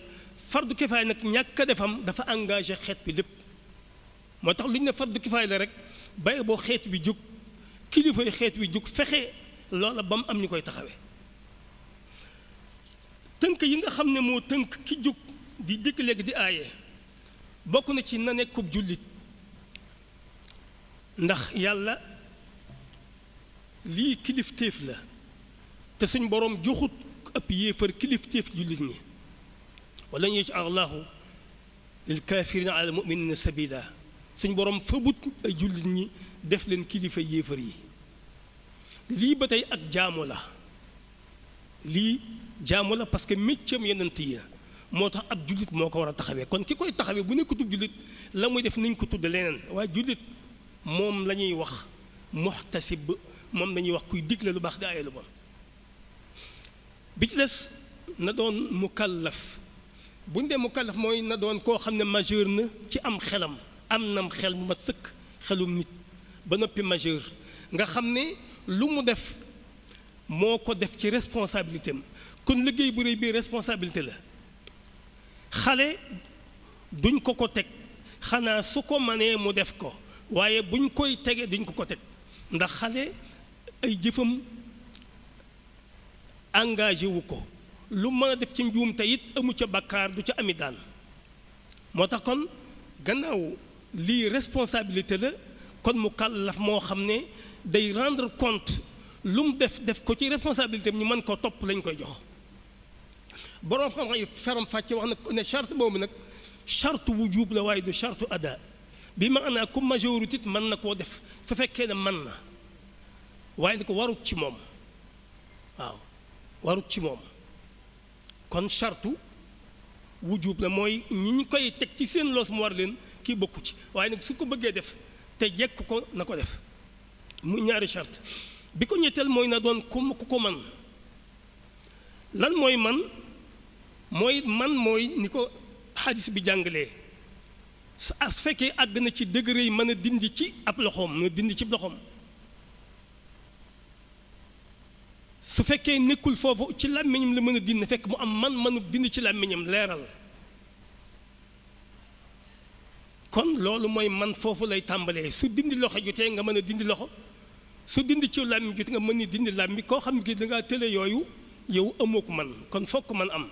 fardu kifaay nag ñàkk defam dafa engagé xeet bi lépp moo tax lu ñu ne fardu kifaay la rek bay boo xeet bi jóg kilifay xeet bi jóg fexe loola ba mu am ñu koy taxawee tënk yi nga xam ne moo tënk ki jóg di dëkk léegi di aaye bokk na ci na nekkub jullit ndax yàlla lii kilifteef la te suñ boroom joxut ëpp yéefar kilifteef jullit ñi wala ñu allahu lil kaafirina ala muminina sabila suñ boroom fëbut ay jullit ñi def leen kilifa yéefar yi lii ba tey ak jaamu la lii jaamu la parce que méccam yonent ya moo tax ab jullit moo ko war a taxawee kon ki koy taxawee bu nekkutub jullit la muy def nañ ko tudd leneen waaye jullit moom la ñuy wax muxtasib moom la wax kuy digle lu baax di aaye lu bon bi ci des na doon mukallaf bu ñu dee mukallaf mooy na doon koo xam ne majeur na ci am xelam am nam xel mu mat sëkk xelum nit ba noppi majeur nga xam ne lu mu def moo ko def ci responsabilité am kon liggéey bu réy bii responsabilité la xale duñ ko ko teg xanaa su ko manee mu def ko waaye buñ koy tegee duñ ko ko teg ndax xale ay jëfam engagé wu ko lu mën a def ci njuum tey it amu ca bàkkaar du ca ami daan moo tax kon gannaaw lii responsabilité la kon mu kàllaf moo xam ne day rendre compte lu mu def def ko ci responsabilité ñu mën ko topp lañ koy jox boroom xam-xam yi faram fàcce wax nag ne charte boobu nag charte wujub la waaye du charte ada bi ma maanaa ku majorité mën na koo def su fekkee ne man na waaye ni ko warut ci moom waaw warut ci moom kon charte wujub la mooy ñi ñu koy teg ci seen loos mu war leen kii bokku ci waaye nag su ko bëggee def te jekk ko na ko def mu ñaari charte bi ko ñetteel mooy na doon ku ku ko man lan mooy man mooy man mooy ni ko xadis bi jàngalee su as fekkee àgg na ci degré yi mën a dindi ci ab loxoom mën a dindi ci loxoom su fekkee nekkul foofu ci làmmiñam la mën a dindi fekk mu am man mënu dindi ci làmmiñam leeral kon loolu mooy man foofu lay tàmbalee su dindi loxo jotee nga mën a dindi loxo su dindi ci làmmiñ jotee nga mën ni dindi làmmiñ koo xam ne da ngaa tële yooyu yow amoo ko man kon fokk man am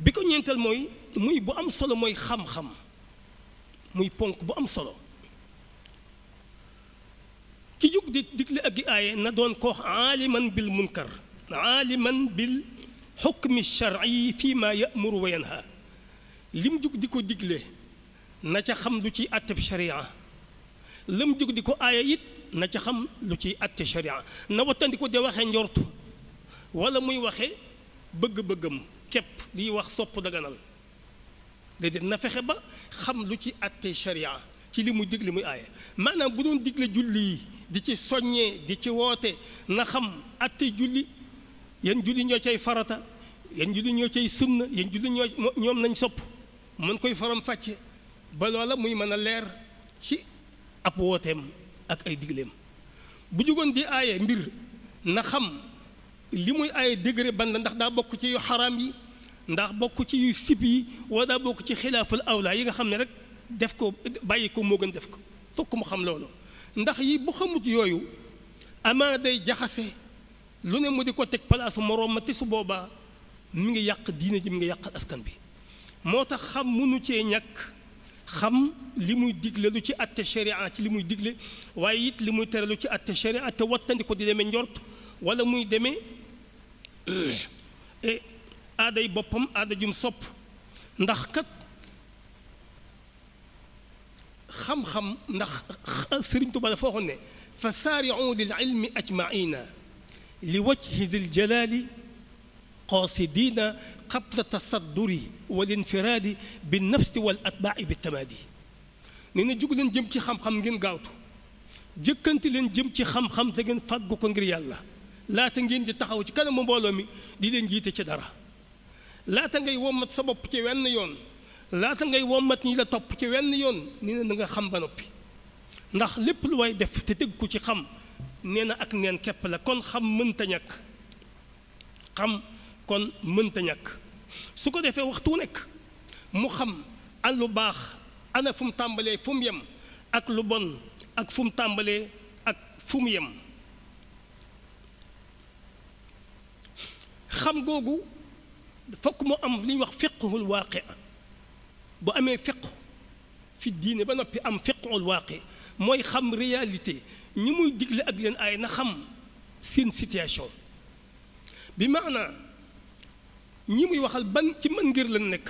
bi ko ñeenteel mooy muy bu am solo mooy xam-xam muy ponk bu am solo ki jóg di digle ak gi aaye na doon ko wax aaliman bil munkar aaliman bil xukmi shar'i fii ma yamuru wa lim jóg di ko digle na ca xam lu ci àtteb sharia lam jóg di ko aaye it na ca xam lu ciy àtte sharia na wattandi ko de waxee njortu wala muy waxe bëgg-bëggam képp liy wax sopp daganal déedéet na fexe ba xam lu ci àtte sharia ci li muy digle muy aaye maanaam bu doon digle julli yi di ci soññee di ci woote na xam àtte julli yan julli ñoo cay farata yan julli ñoo cay sunna yan julli ñoo ñoom nañ sopp mën koy faram fàcce ba loola muy mën a leer ci ab wooteem ak ay digleem bu jugoon di aaye mbir na xam li muy ay degré ban ndax daa bokk ci yu xaraam yi ndax bokk ci yu sib yi wala daa bokk ci xilaaful awla yi nga xam ne rek def ko bàyyi ko moo gën def ko fokk mu xam loolu ndax yi bu xamut yooyu amaa day jaxase lu ne mu di ko teg palaasu moroom ma te su boobaa mu ngi yàq diina ji mi ngi yàqal askan bi moo tax xam munu cee ñàkk xam li muy digle lu ci atte sharia ci li muy digle waaye it li muy tere lu ci atte sharia te wattandi ko di deme njort wala muy demee Eh, eh, aaday boppam aada jum sopp ndax kat xam-xam ndax sëriñ Tuubaa dafa waxoon ne fa saariu lil ilmi ajmaina li wajhi zil jalaali qaasidina qabla tasadduri wal infiraadi bi nafsi wal atbaai bi tamaadi nee na jóg leen jëm ci xam-xam ngeen gaawtu jëkkanti leen jëm ci xam-xam te ngeen fàggu ko ngir yàlla laata ngeen di taxaw ci kanamu mbooloo mi di leen jiite ci dara laata ngay wommat sa bopp ci wenn yoon laata ngay wommat ñi la topp ci wenn yoon nee la na nga xam ba noppi ndax lépp lu way def te tëgg ko ci xam nee na ak neen kepp la kon xam mënta ñakk xam kon mënta ñakk su ko defee waxtu nekk mu xam an lu baax ana fu tàmbalee fu yem ak lu bon ak fu tàmbalee ak fu yem xam googu fokk mu am li wax fiqhul waaqi boo amee fiq fi diine ba noppi am fiqhul waaqi mooy xam réalité ñi muy digle ak leen ay na xam seen situation bi maanaa ñi muy waxal ban ci man ngir lan nekk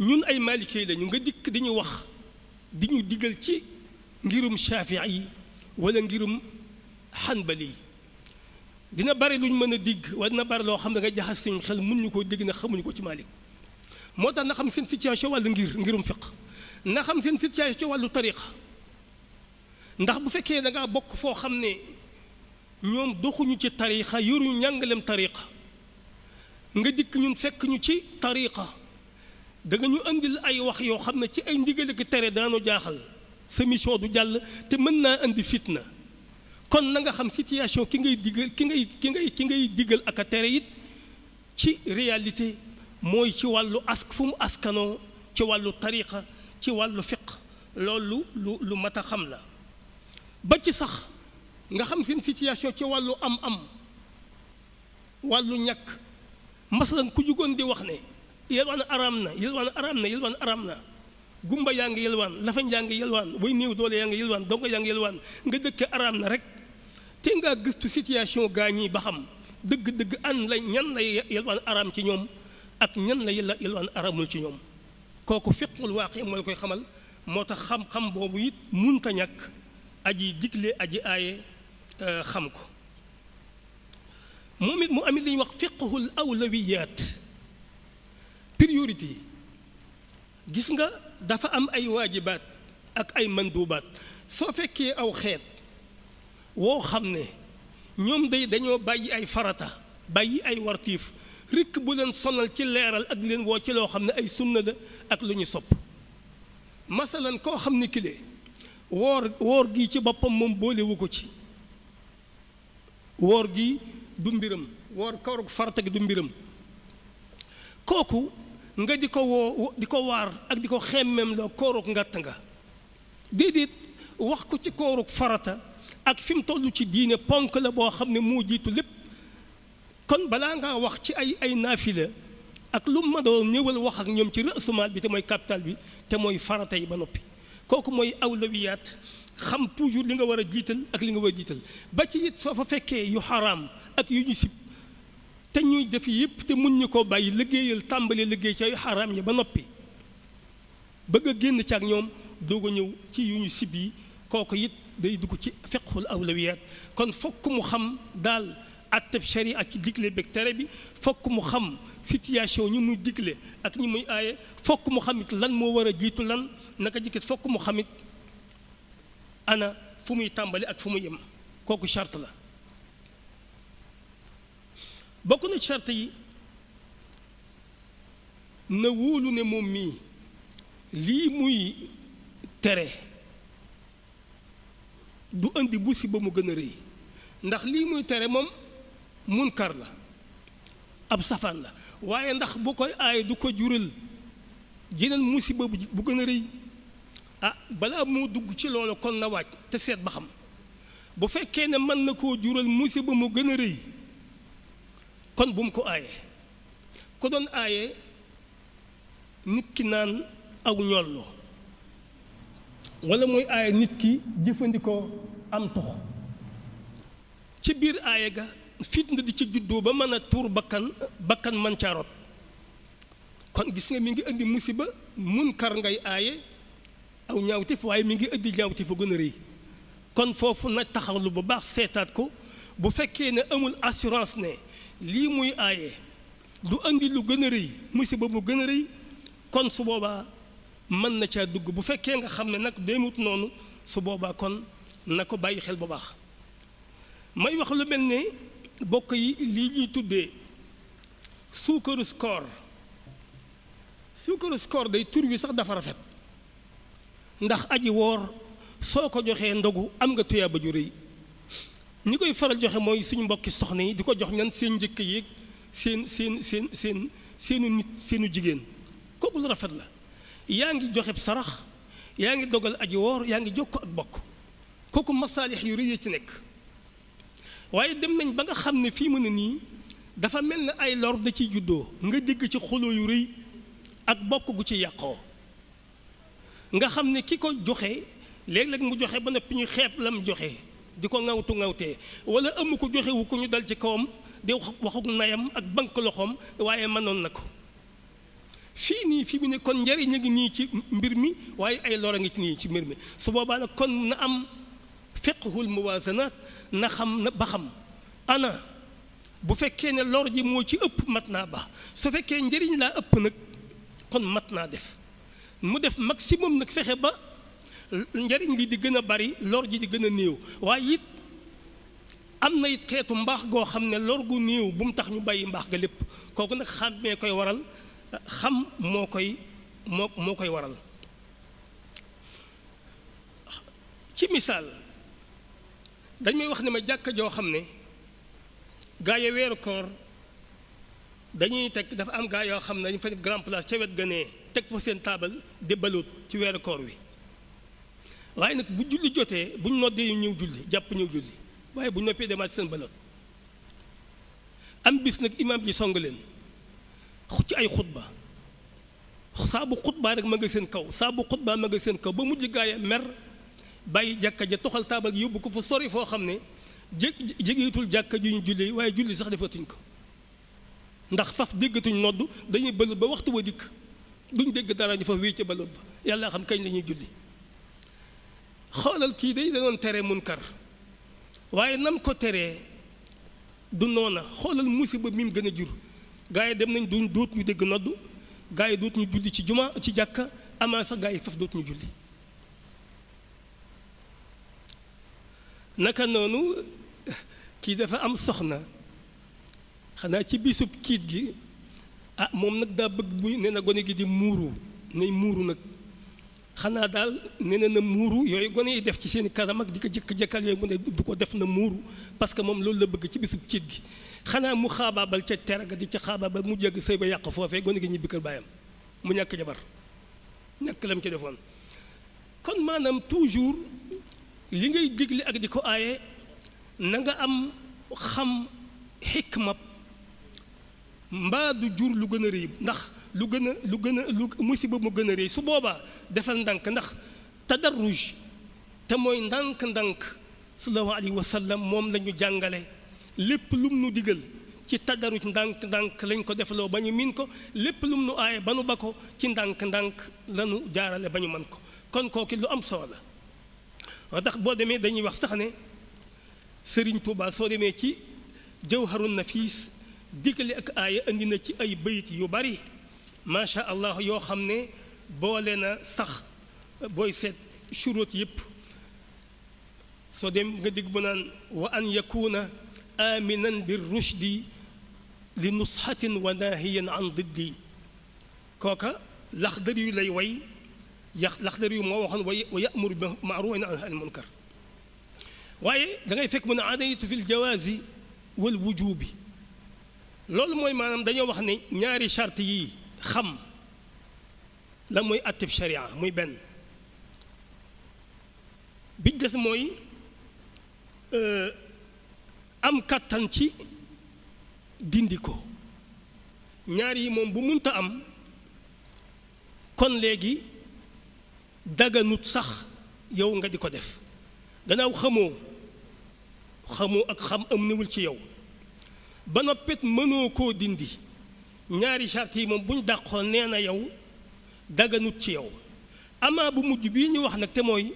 ñun ay la ñu nga dikk di wax di ñu digal ci ngirum shaafi'i yi wala ngirum xanbali dina bari luñ mën a digg waaye dina bari loo xam ne nga jaxas suñu xel mënuñu ko digg na xamuñu ko ci Malick moo tax na xam seen situation wàllu ngir ngirum fiq na xam seen situation wàllu tariqa ndax bu fekkee da ngaa bokk foo xam ne ñoom doxuñu ci tariqa yoruñu njàngaleem tariqa nga dikk ñun fekk ñu ci tariqa da nga ñu indil ay wax yoo xam ne ci ay ndigal ak tere daanu jaaxal sa mission du jàll te mën naa indi fitna. kon na nga xam situation ki ngay diggal ki ngay ki ngay ki ngay diggal ak a tere it ci réalité mooy ci wàllu ask fu mu askanoo ci wàllu tariqa ci wàllu fiq loolu lu lu mat a xam la ba ci sax nga xam seen situation ci wàllu am-am wàllu ñàkk masalan ku jugoon di wax ne yelwaan araam na yelwaan araam na yelwaan araam na gumba yaa ngi yelwaan lafañ yaa ngi yelwaan way néew doole yaa ngi yelwaan dongo yaa ngi yelwaan nga dëkke araam na rek te ngaa gëstu situation gaa ñi ba xam dëgg-dëgg an la ñan la yelwaan araam ci ñoom ak ñan lay yella yelwaan araamul ci ñoom kooku fiqul waaqi moo la koy xamal moo tax xam-xam boobu it munta ñakk aji digle aji aaye euh, xam ko moom it mu amit li ñuy wax fiqhul awlawiyaat priorité gis nga dafa am ay waajibaat ak ay mandubaat soo fekkee aw xeet woo xam ne ñoom day dañoo bàyyi ay farata bàyyi ay wartiif rikk bu leen sonal ci leeral ak leen woo ci loo xam ne ay sunna la ak lu ñu sopp masalan koo xam ne kilee woor gi ci boppam moom boolewu ko ci woor gi du mbiram woor kawrug farata gi du mbiram kooku nga di ko woo di ko waar ak di ko xemmem loo koorug ngàtt nga déedéet wax ko ci koorug farata ak fi mu toll ci diine ponk la boo xam ne moo jiitu lépp kon balaa nga wax ci ay ay naafila ak lu ma doon ñëwal wax ak ñoom ci rasumaal bi te mooy capital bi te mooy farata yi ba noppi kooku mooy awlawiyaat xam toujours li nga war a jiital ak li nga war a jiital ba ci it soo fa fekkee yu xaraam ak yu ñu sib te ñuy def yëpp te mun ñu ko bàyyi liggéeyal tàmbalee liggéey ci ay xaraam yi ba noppi bëgg a génn ci ak ñoom doog a ñëw ci yu ñu sib yi kooku it day dugg ci fiqhul awlawiyaat kon fokk mu xam daal atteb sharia ak ci digle beeg tere bi fokk mu xam situation ñu muy digle ak ñi muy aaye fokk mu xam lan moo war a jiitu lan naka jikkat fokk mu xam it ana fu muy tàmbali ak fu mu yem kooku charte la bokk na charte yi na wóolu ne moom mii lii muy tere du indi musiba mu gën a rëy ndax lii muy tere moom munkar la ab safaan la waaye ndax bu koy aay du ko jural jeneen musiba bu gën a rëy a ah, balaa moo dugg ci loolu kon na wàcc te seet ba xam bu fekkee ne mën na koo jural musiba mu gën a rëy kon bu mu ko aayee ko doon aayee nit ki naan aw ñolloo wala mooy aaye nit ki jëfandikoo am tux ci biir aaye ga fitna di ci juddoo ba mën a tuur bakkan bakkan man caa rot kon gis nga mi ngi indi musiba munkar ngay aaye aw ñaawtif waaye mi ngi indi ñaawtif bu gën a rëy kon foofu na taxawlu bu baax seetaat ko bu fekkee ne amul assurance ne lii muy aaye du indi lu gën a rëy musiba bu gën a rëy kon su boobaa mën na caa dugg bu fekkee nga xam ne nag demut noonu su boobaa kon na ko bàyyi xel bu baax may wax lu mel ne bokk yi lii ñuy tuddee suukaru koor suukaru koor day tur wi sax dafa rafet ndax aji woor soo ko joxee ndogu am nga tuyaaba ju rëy ñi koy faral joxe mooy suñu mbokki soxna yi di ko jox ñan seen njëkk yéeg seen seen seen seen seenu nit seenu jigéen kooku rafet la yaa ngi joxe sarax yaa ngi dogal aji woor yaa ngi ko ak bokk kooku masaalix yu rëy ci nekk waaye dem nañ ba nga xam ne fii mu ne nii dafa mel ne ay lor da ciy juddoo nga dégg ci xuloo yu rëy ak bokk gu ci yàqoo nga xam ne ki ko joxe léeg-léeg mu joxe ba noppi ñu xeeb lam joxe di ko ŋawtu ŋawtee wala ëmm ko joxewu ko ñu dal ci kawam di wax waxu nayam ak bank loxoom waaye mënoon na ko fii nii fii mu ne kon njëriñ a ngi nii ci mbir mi waaye ay lor a ngi ci nii ci mbir mi su boobaa nag kon na am fiqhul muwaazanaat na xam na ba xam ana bu fekkee ne lor ji moo ci ëpp mat naa baax su fekkee njëriñ laa ëpp nag kon mat naa def mu def maximum nag fexe ba njëriñ li di gën a bari lor ji di gën a néew waaye it am na yit xeetu mbaax goo xam ne lor gu néew bu mu tax ñu bàyyi mbaax ga lépp kooku nag xàmmee koy waral xam moo koy moo moo koy waral ci misaal dañ may wax ne ma jàkka joo xam ne gaa yi weeru koor dañuy teg dafa am gaa yoo xam ne dañ fa def grand place ca wet gënee teg fa seen taabal di balut ci weeru koor wi waaye nag bu julli jotee bu ñu noddee ñëw julli jàpp ñëw julli waaye bu noppee demaat seen balut am bis nag imaam ji song leen ci ay xutba saa bu rek ma nga seen kaw saa bu xutbaa ma nga seen kaw ba mu mujj gaay mer bàyyi jàkka ja toxal taabal yóbbu ko fa sori foo xam ne jé jégeetul jàkka ju ñu julli waaye julli sax defatuñ ko ndax faf déggatuñ nodd dañuy bël ba waxtu wa dikk duñ dégg dara ñu fa wéy ca bëlëb ba yàlla xam kañ lañuy ñuy julli xoolal kii day danoon tere kar waaye nam ko teree du noona xoolal musiba mi mu gën a jur gaa yi dem nañ duñ dootuñu ñu dégg nodd gaa yi doot ñu julli ci juma ci jàkka amaa sax gaa yi faf doot julli naka noonu kii dafa am soxna xanaa ci bisub kiit gi ah moom nag daa bëgg muy nee na gone gi di muuru nay muuru nag xanaa daal nee na na muuru yooyu gone yi def ci seen i ak di ko jëkk jëkkal yooyu mu ne du ko def na muuru parce que moom loolu la bëgg ci bisub ciit gi xanaa mu xaabaabal ca teraga di ca xaabaabal mu jégg sëy ba yàq foofee gone gi ñibbi kër baayam mu ñàkk jabar ñàkk lam ci defoon kon maanaam toujours li ngay digle ak di ko aaye na nga am xam xikma mbaa du jur lu gën a rëy ndax lu gën a lu gën a lu musiba mu gën a rëy su boobaa defal ndànk ndax tadarruj te mooy ndànk-ndànk sallallahu alayhi wa sallam moom la jàngale lépp lum nu digal ci taddaruj ndànk ndànk lañ ko defloo ba ñu min ko lépp lum nu aaye ba nu ba ko ci ndànk ndànk lañu jaarale ba ñu man ko kon kooki lu am solo la waa tax boo demee dañuy wax sax ne sëriñ Tuubaa soo demee ci jawharun nafiis diggale ak aaya indi na ci ay bayit yu bari macha allah yoo xam ne boole na sax booy seet churóot yépp soo dem nga digg bu naan wa an yakuna aaminan birushdi li nusxatin wa naahiyan an diddi kooka laxdar yu lay way yax laxdar yu moo waxoon wa yamuru bi maaruf waaye da ngay fekk mu ne aadaytu fi ljawaazi wal wujubi loolu mooy maanaam dañoo wax ne ñaari charte yi xam la mooy attib sharia muy benn biñ des mooy am kàttan ci dindi ko ñaar yi moom bu munta am kon léegi daganut sax yow nga di ko def gannaaw xamoo xamoo ak xam am newul ci yow ba noppit mënoo koo dindi ñaari charte yi moom bu ñu dàqoon nee na yow daganut ci yow amaa bu mujj bii ñu wax nag te mooy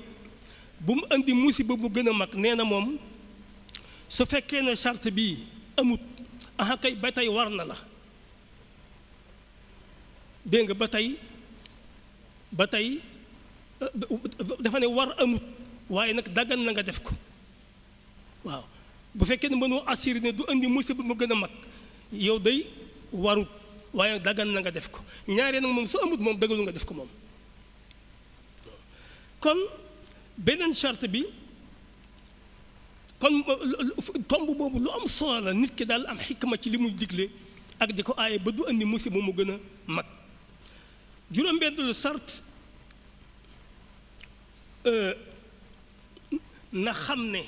bu mu indi musiba bu gën a mag nee na moom su fekkee ne charte bi amut aha kay ba tey war na la dégg nga ba tey ba tey eh, dafa ne war amut waaye nag daggan na nga def ko waaw bu fekkee ne mënoo assurer ne du indi musiba mu gën a mag yow day warut waaye daggan na nga def ko ñaaree na moom su amut moom dëggalu nga def ko moom kon beneen charte bi kon euh, euh, tomb boobu lu am solo la nit ki daal am xikma ci li muy digle ak di ko aaye ba du andi musiba mu gën a mag juróom-benn lu sart euh, na xam ne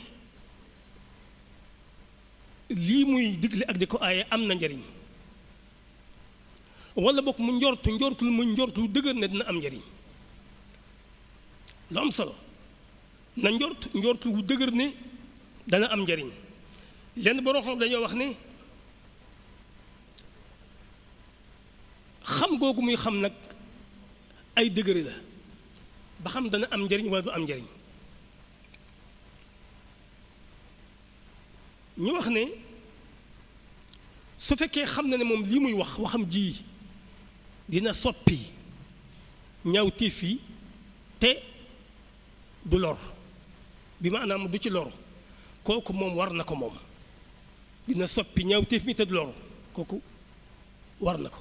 lii muy digle ak di ko aaye am na njariñ wala boog mu njort njortul mu njortu lu dëgër ne dina am njariñ lu am solo na njort njortu lu dëgër ne dana am njariñ lenn borom xam dañoo wax ne xam googu muy xam nag ay degré la ba xam dana am njariñ wala du am njariñ ñu wax ne su fekkee xam na ne moom lii muy wax waxam ji dina soppi ñaw téef yi te du lor bi maanaam du ci loru kooku moom war na ko moom dina soppi ñaaw téef mi te du loru kooku war na ko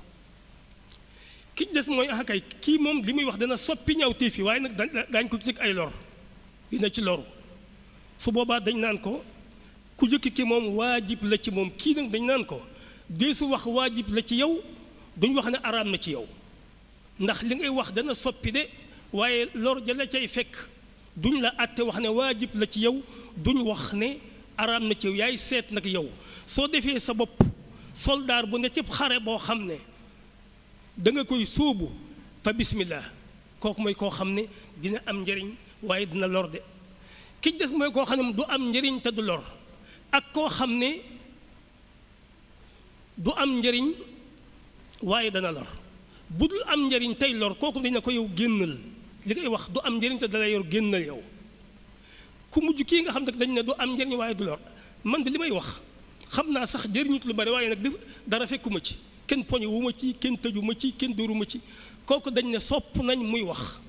ki des mooy axakay ah, kii moom li muy wax dana soppi ñaaw téef yi waaye nag daañ ko jëkk ay lor dina ci loru su boobaa dañ naan ko ku jëkk ki moom waajib la ci moom kii nag dañ naan ko dee su wax waajib la ci yow duñ wax ne araam na ci yow ndax li ngay wax dana soppi de waaye lor jël la cay fekk duñ la àtte wax ne waajib la ci yow duñ wax ne araam na ci yow yaay seet nag yow soo defee sa bopp soldaar bu ne cëb xare boo xam ne danga koy sóobu fa bismillah kooku mooy koo xam ne dina am njëriñ waaye dina lor de des mooy koo xam ne du am njëriñ te du ak koo xam ne du am njëriñ waaye dana lor bu dul am njëriñ tey lor kooku dañ ne ko yow génnal li ngay wax du am njëriñ te dalay yor génnal yow ku mujj kii nga xam ne dañ ne du am njëriñ waaye du lor man de li may wax xam naa sax jëriñut lu bari waaye nag def dara fekkuma ci kenn poñe wu ci kenn tëju ci kenn dóoru ci kooku dañ ne sopp nañ muy wax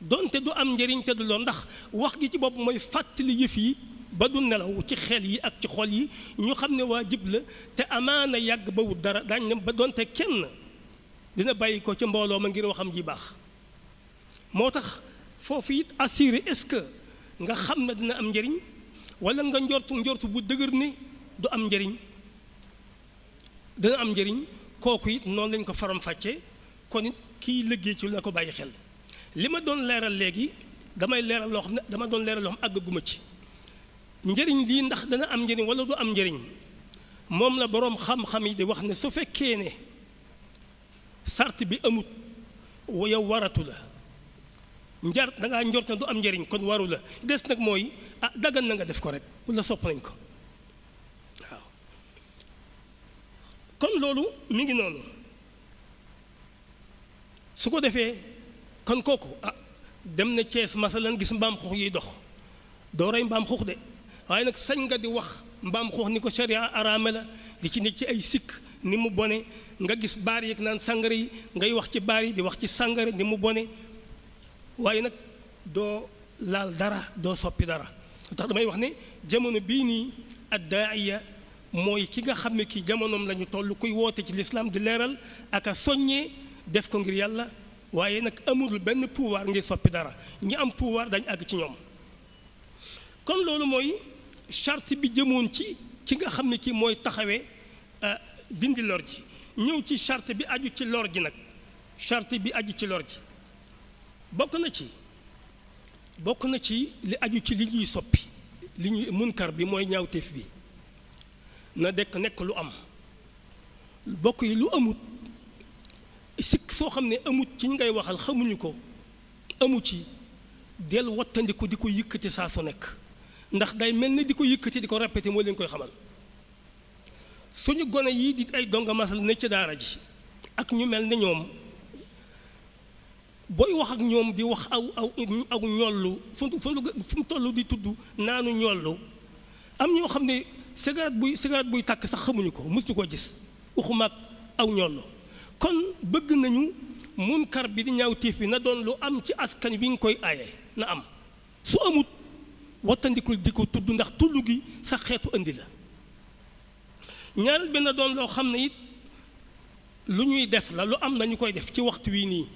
donte du am njëriñ te du lor ndax wax gi ci bopp mooy fàttali yëf yi ba du nelaw ci xel yi ak ci xol yi ñu xam ne waajib la te amaana yàgg ba wut dara daañ ne ba donte kenn dina bàyyi ko ci mbooloo ma ngir waxam ji baax moo tax foofu it assuré est-ce que nga xam ne dina am njëriñ walla nga njortu njortu bu dëgër ni du am njëriñ dina am njëriñ kooku it noonu lañ ko faram fàcce kon it kiy liggéey ci la ko bàyyi xel li ma doon leeral léegi damay leeral loo xam ne dama doon leeral loo xam àggaguma ci njëriñ lii ndax dana am njëriñ wala du am njëriñ moom la boroom xam-xam yi di wax ne su fekkee ne sart bi amut yow waratu la njar da njorta njort du am njariñ kon waru la des nag mooy ah daggan na nga def ko rek wala sopp nañ ko waaw kon loolu mi ngi noonu su ko defee kon kooku ah dem na Cees masalan gis mbaam xuux yiy dox doo rey mbaam xuux de waaye nag sañ nga di wax mbaam xuux ni ko sharia araame la di ci nit ci ay sikk ni mu bone nga gis baar yeeg naan sàngara yi ngay wax ci baar yi di wax ci sàngara ni mu bone waaye nag doo laal dara doo soppi dara tax damay wax ne jamono bii nii addaaya mooy ki nga xam ne kii jamonoom la ñu toll kuy woote ci lislaam di leeral aka a soññee def ko ngir yàlla waaye nag amul benn pouvoir ngir soppi dara ñi am pouvoir dañ àgg ci ñoom kon loolu mooy charte bi jëmoon ci ki nga xam ne kii mooy taxawee euh, dindi lor ji ñëw ci charte bi aju ci lor ji nag charte bi aju ci lor ji bokk na ci bokk na ci li aju ci li ñuy soppi li ñuy munkar bi mooy ñaawteef bi na dekk nekk lu am bokk yi lu amut sikk soo xam ne amut ci ñu ngay waxal xamuñu ko amu ci del wattandiku di ko yëkkati saa su nekk ndax day mel ni di ko yëkkati di ko répété mooy leen koy xamal suñu gone yii di ay donga ne ci daara ji ak ñu mel na ñoom booy wax ak ñoom di wax aw aw aw ñollu fu mu fu mu toll di tudd naanu ñollu am ñoo xam ne cigarette buy cigarette buy takk sax xamuñu ko musuñu koo gis waxumaak aw ñollu kon bëgg nañu munkar bi di ñaaw tiif bi na doon lu am ci askan wi nga koy aaye na am su amut wattandikul di ko tudd ndax tudd gi sax xeetu indi la ñaareel bi na doon loo xam ne it lu ñuy def la lu am nañu koy def ci waxtu wii nii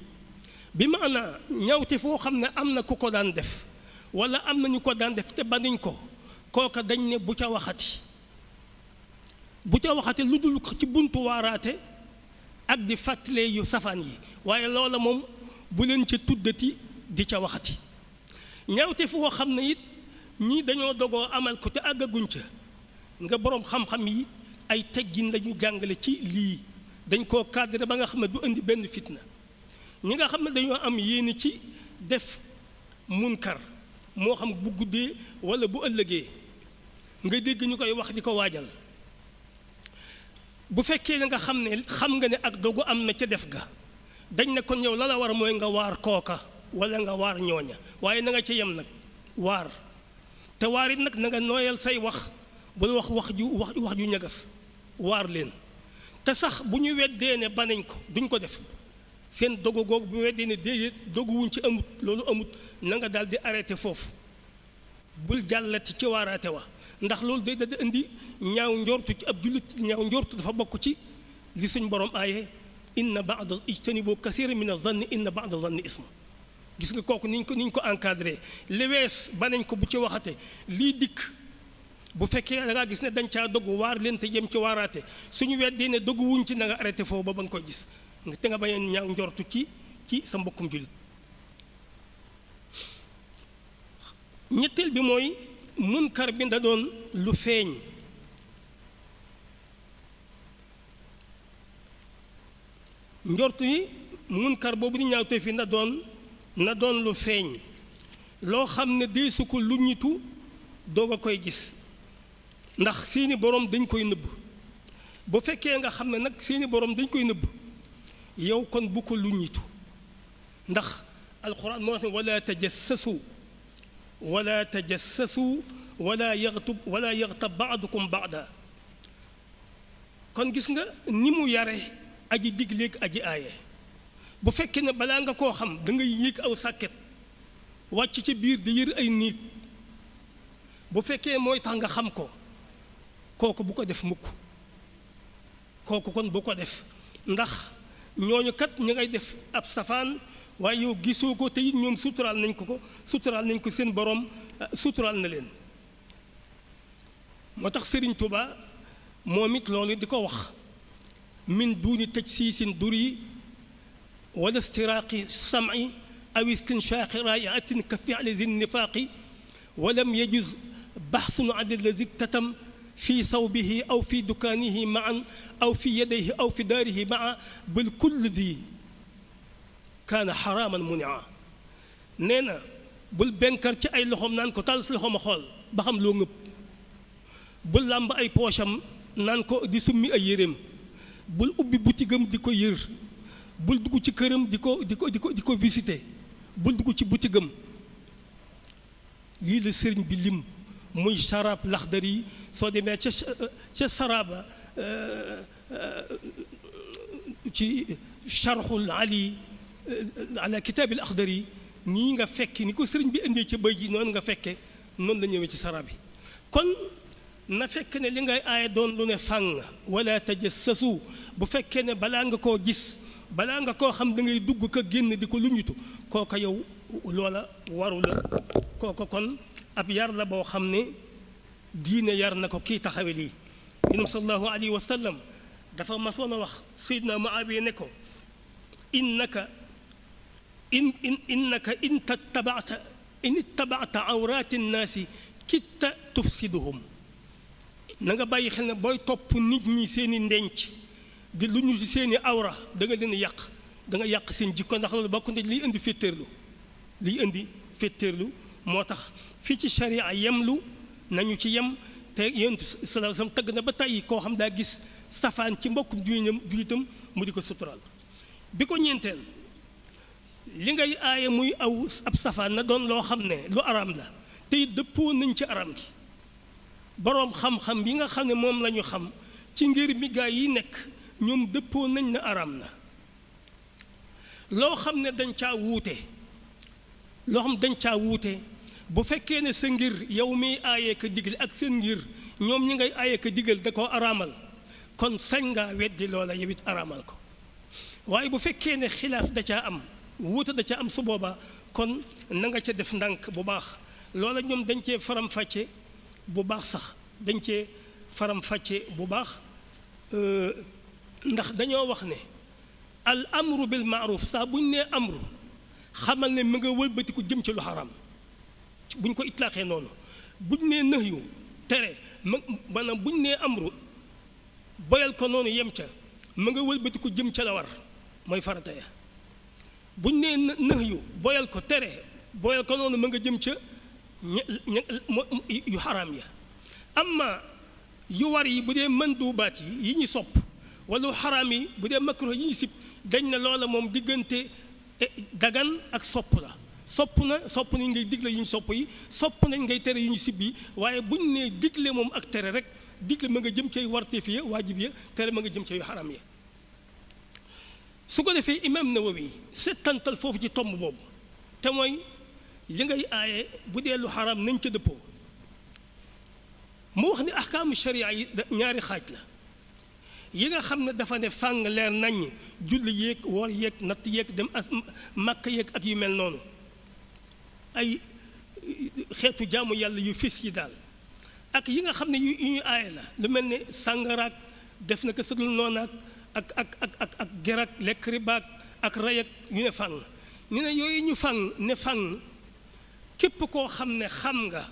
bi maanaa ñawte foo xam ne am na ku ko daan def wala am na ñu ko daan def te baniñ ko kooka dañ ne bu ca waxati bu ca waxati lu dul ci buntu waaraate ak di fàttalee yu safaan yi waaye loola moom bu leen ca tuddati di ca waxati ñawte foo xam ne it ñii dañoo dogoo amal ko te àggaguñ ca nga boroom xam-xam yi ay teggin lañuy jàngale ci lii dañ koo cadré ba nga xam ne du indi benn fitna ñi nga xam ne dañoo am yéene ci def munkar moo xam bu guddee wala bu ëllëgee nga dégg ñu koy wax di ko waajal bu fekkee la nga xam ne xam nga ne ak dogu am na ca def ga dañ ne kon yow la la mooy nga waar kooka wala nga waar ñooña waaye nanga nga ca yem nag waar te waar it nag na nga nooyal say wax bul wax wax ju wax wax ju ñagas waar leen te sax bu ñu weddee ne banañ ko duñ ko def seen dogu googu bu weddee ne déedéet doguwuñ ci amut loolu amut na nga daal di arrêté foofu bul jàllati ci waaraate wa ndax loolu day da indi ñaaw njortu ci ab jullit ñaaw njortu dafa bokk ci li suñ borom aaye inna ba'da ijtanibu kasiran mina zanni inna ba'da zanni isma gis nga kooku niñ ko niñ ko encadré li wees ba nañ ko bu ci waxate lii dikk bu fekkee da ngaa gis ne dañ caa dogu waar leen te yem ci waaraate suñu weddee ne dogu wuñ ci na nga arrêté foofu ba ba nga koy gis te nga bañ a ñaaw njortu ci ci sa mbokkum jullit ñetteel bi mooy munkar bi nda doon lu feeñ njortu yi munkar boobu di ñaaw te na doon na doon lu feeñ loo xam ne deesu ko lu ñitu doog a koy gis ndax seeni borom dañ koy nëbb bu fekkee nga xam ne nag seeni boroom dañ koy nëbb yow kon bu ko lu ñitu ndax alquran moo wax ne wala tajassasu wala tajassasu wala yaxtub wala yaxtab baadukum baada kon gis nga ni mu yare aji digleeg aji aaye bu fekkee ne balaa nga koo xam dangay yéeg aw sàkket wàcc ci biir di yër ay niig bu fekkee mooy tax nga xam ko kooku bu ko def mukk kooku kon bu ko def ndax ñooñu kat ñu ngay def ab safaan waaye yow gisoo ko te it ñoom suturaal nañ ko ko suturaal nañ ko seen borom ah, suturaal na leen moo tax Serigne Touba moom it loolu di ko wax min duuni tëj siisin dur yi wala istiraaqi sam'i aw istinshaqi raayatin ka fi'li zi nifaaqi walam yajuz baxsun an allazi tatam fi sawbihi aw fi dukaanihi maan aw fi yadayhi aw fi daarihi maa bal kullu di kaana xaraaman munia nee na bël benkar ci ay loxoom naan ko tàll si loxoom a xool ba xam loo ngëpp bul làmb ay poosam naan ko di summi ay yéreem bul ubbi butigam di ko yër bul dugg ci këram di ko di ko di ko di ko visité bul dugg ci butigam lii la sëriñ bi lim muy charab laxdar yi soo demee ca saraaba saraba euh, euh, ci charxul ali euh, ala kitaabil axdar yi nii nga fekke ni ko sëriñ bi indee ca bëy ji noonu nga fekke noonu la ñëwee ci sarab bi kon na fekk ne li ngay aay doon lu ne fàng wala tajassasu bu fekkee ne balaa nga koo gis balaa nga koo xam dangay dugg ko génn di ko luñitu kooka yow loola waru la kon ab yar la boo xam ne diine yar na ko kii taxawe lii yonent bi sallallahu wa sallam dafa masoon a wax sayyidna Muawiya ne ko innaka in in innaka in in ittabata awraati nnaasi kitta tufsiduhum na nga bàyyi xel ne booy topp nit ñi seeni ndenc di lu ñu ci seeni awra da nga leen yàq da yàq seen jikko ndax loolu bokk na liy indi féttéerlu liy indi féttéerlu moo tax fii ci yem lu nañu ci yem te yonent sallallahu tëgg na ba tey koo xam daa gis safaan ci mbokkum juñam julitam mu di ko suturaal bi ko ñeenteel li ngay aaye muy aw ab safaan na doon loo xam ne lu araam la tey dëppoo nañ ci araam gi boroom xam-xam yi nga xam ne moom lañu xam ci ngir mi gaa yi nekk ñoom dëppoo nañ na araam la loo xam ne dañ caa wuute loo xam dañ caa wuute bu fekkee ne sa ngir yow miy aayee ka digal ak seen ngir ñoom ñi ngay aayee ka digal da koo araamal kon sañ ngaa weddi loola yow it araamal ko waaye bu fekkee ne xilaaf da caa am wuute da caa am su booba kon na nga ca def ndànk bu baax loola ñoom dañ cee faram-fàcce bu baax sax dañ cee faram-fàcce bu baax ndax dañoo wax ne al amru bil maaruf saa buñ nee amru xamal ne mu nga wëlbatiku jëm ci lu xaraam bu ñu ko itlaaxee noonu bu ñu nee nëx yu tere ma maanaam bu ñu nee amru boyal ko noonu yem ca ma nga wëlbati ko jëm ca la war mooy farata ya bu ñu nee nëx yu boyal ko tere boyal ko noonu ma nga jëm ca yu xaram ya amma yu war yi bu dee mën duubaat yi yi ñu sopp wala xaram yi bu dee makruh yi sib dañ ne loola moom diggante eh, dagan ak sopp la sopp na sopp nañ ngay digle yu ñu sopp yi sopp nañ ngay tere yu ñu sib yi waaye buñ nee digle moom ak tere rek digle ma nga jëm cay warteef ya waajib ya tere ma nga jëm cay xaram ya su ko defee imaam Nawawi settantal foofu ci tomb boobu te mooy li ngay aaye bu dee lu xaram nañ ca dëppoo mu wax ne ahkaamu sharia yi ñaari xaaj la yi nga xam ne dafa ne fàng leer nañ julli yéeg woor yeeg natt yeeg dem as màkk yeeg ak yu mel noonu ay xeetu jàmm yàlla yu fis yi daal ak yi nga xam ne yu ñu aaye la lu mel ne sàngaraak def na ko sëglu noon ak ak ak ak ak gerak lekk ribaak ak rayak yu ne fàng ñu ne yooyu ñu fàng ne fàng képp koo xam ne xam nga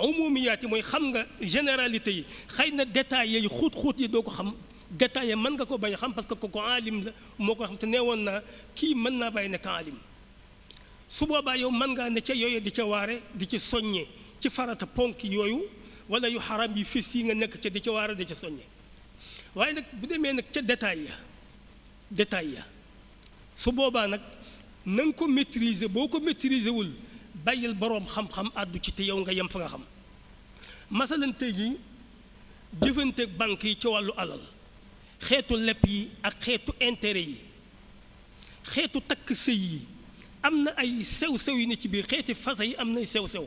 umumiyaat yi mooy xam nga généralité yi xay na détails yi xuut-xuut yi doo ko xam détails yi mën nga ko bañ a xam parce que ko ko alim la moo ko xam te nee woon naa kii mën naa bàyyi nekk alim su boobaa yow man ngaa ne ca yooyu di ca waare di ci soññee ci farata ponk yooyu wala yu xaram yi fi sii nga nekk ca di ca waare di ca soññe waaye nag bu demee nag ca détail ya détail ya su boobaa nag na ko maîtriser boo ko maîtriser wul bàyyil boroom xam-xam àddu ci te yow nga yem fa nga xam masalan tey jii jëfanteeg banque yi ci wàllu alal xeetu lepp yi ak xeetu intérêt yi xeetu takk sëy yi am na ay sew-sew yu ne ci biir xeeti fasa yi am nay sew-sew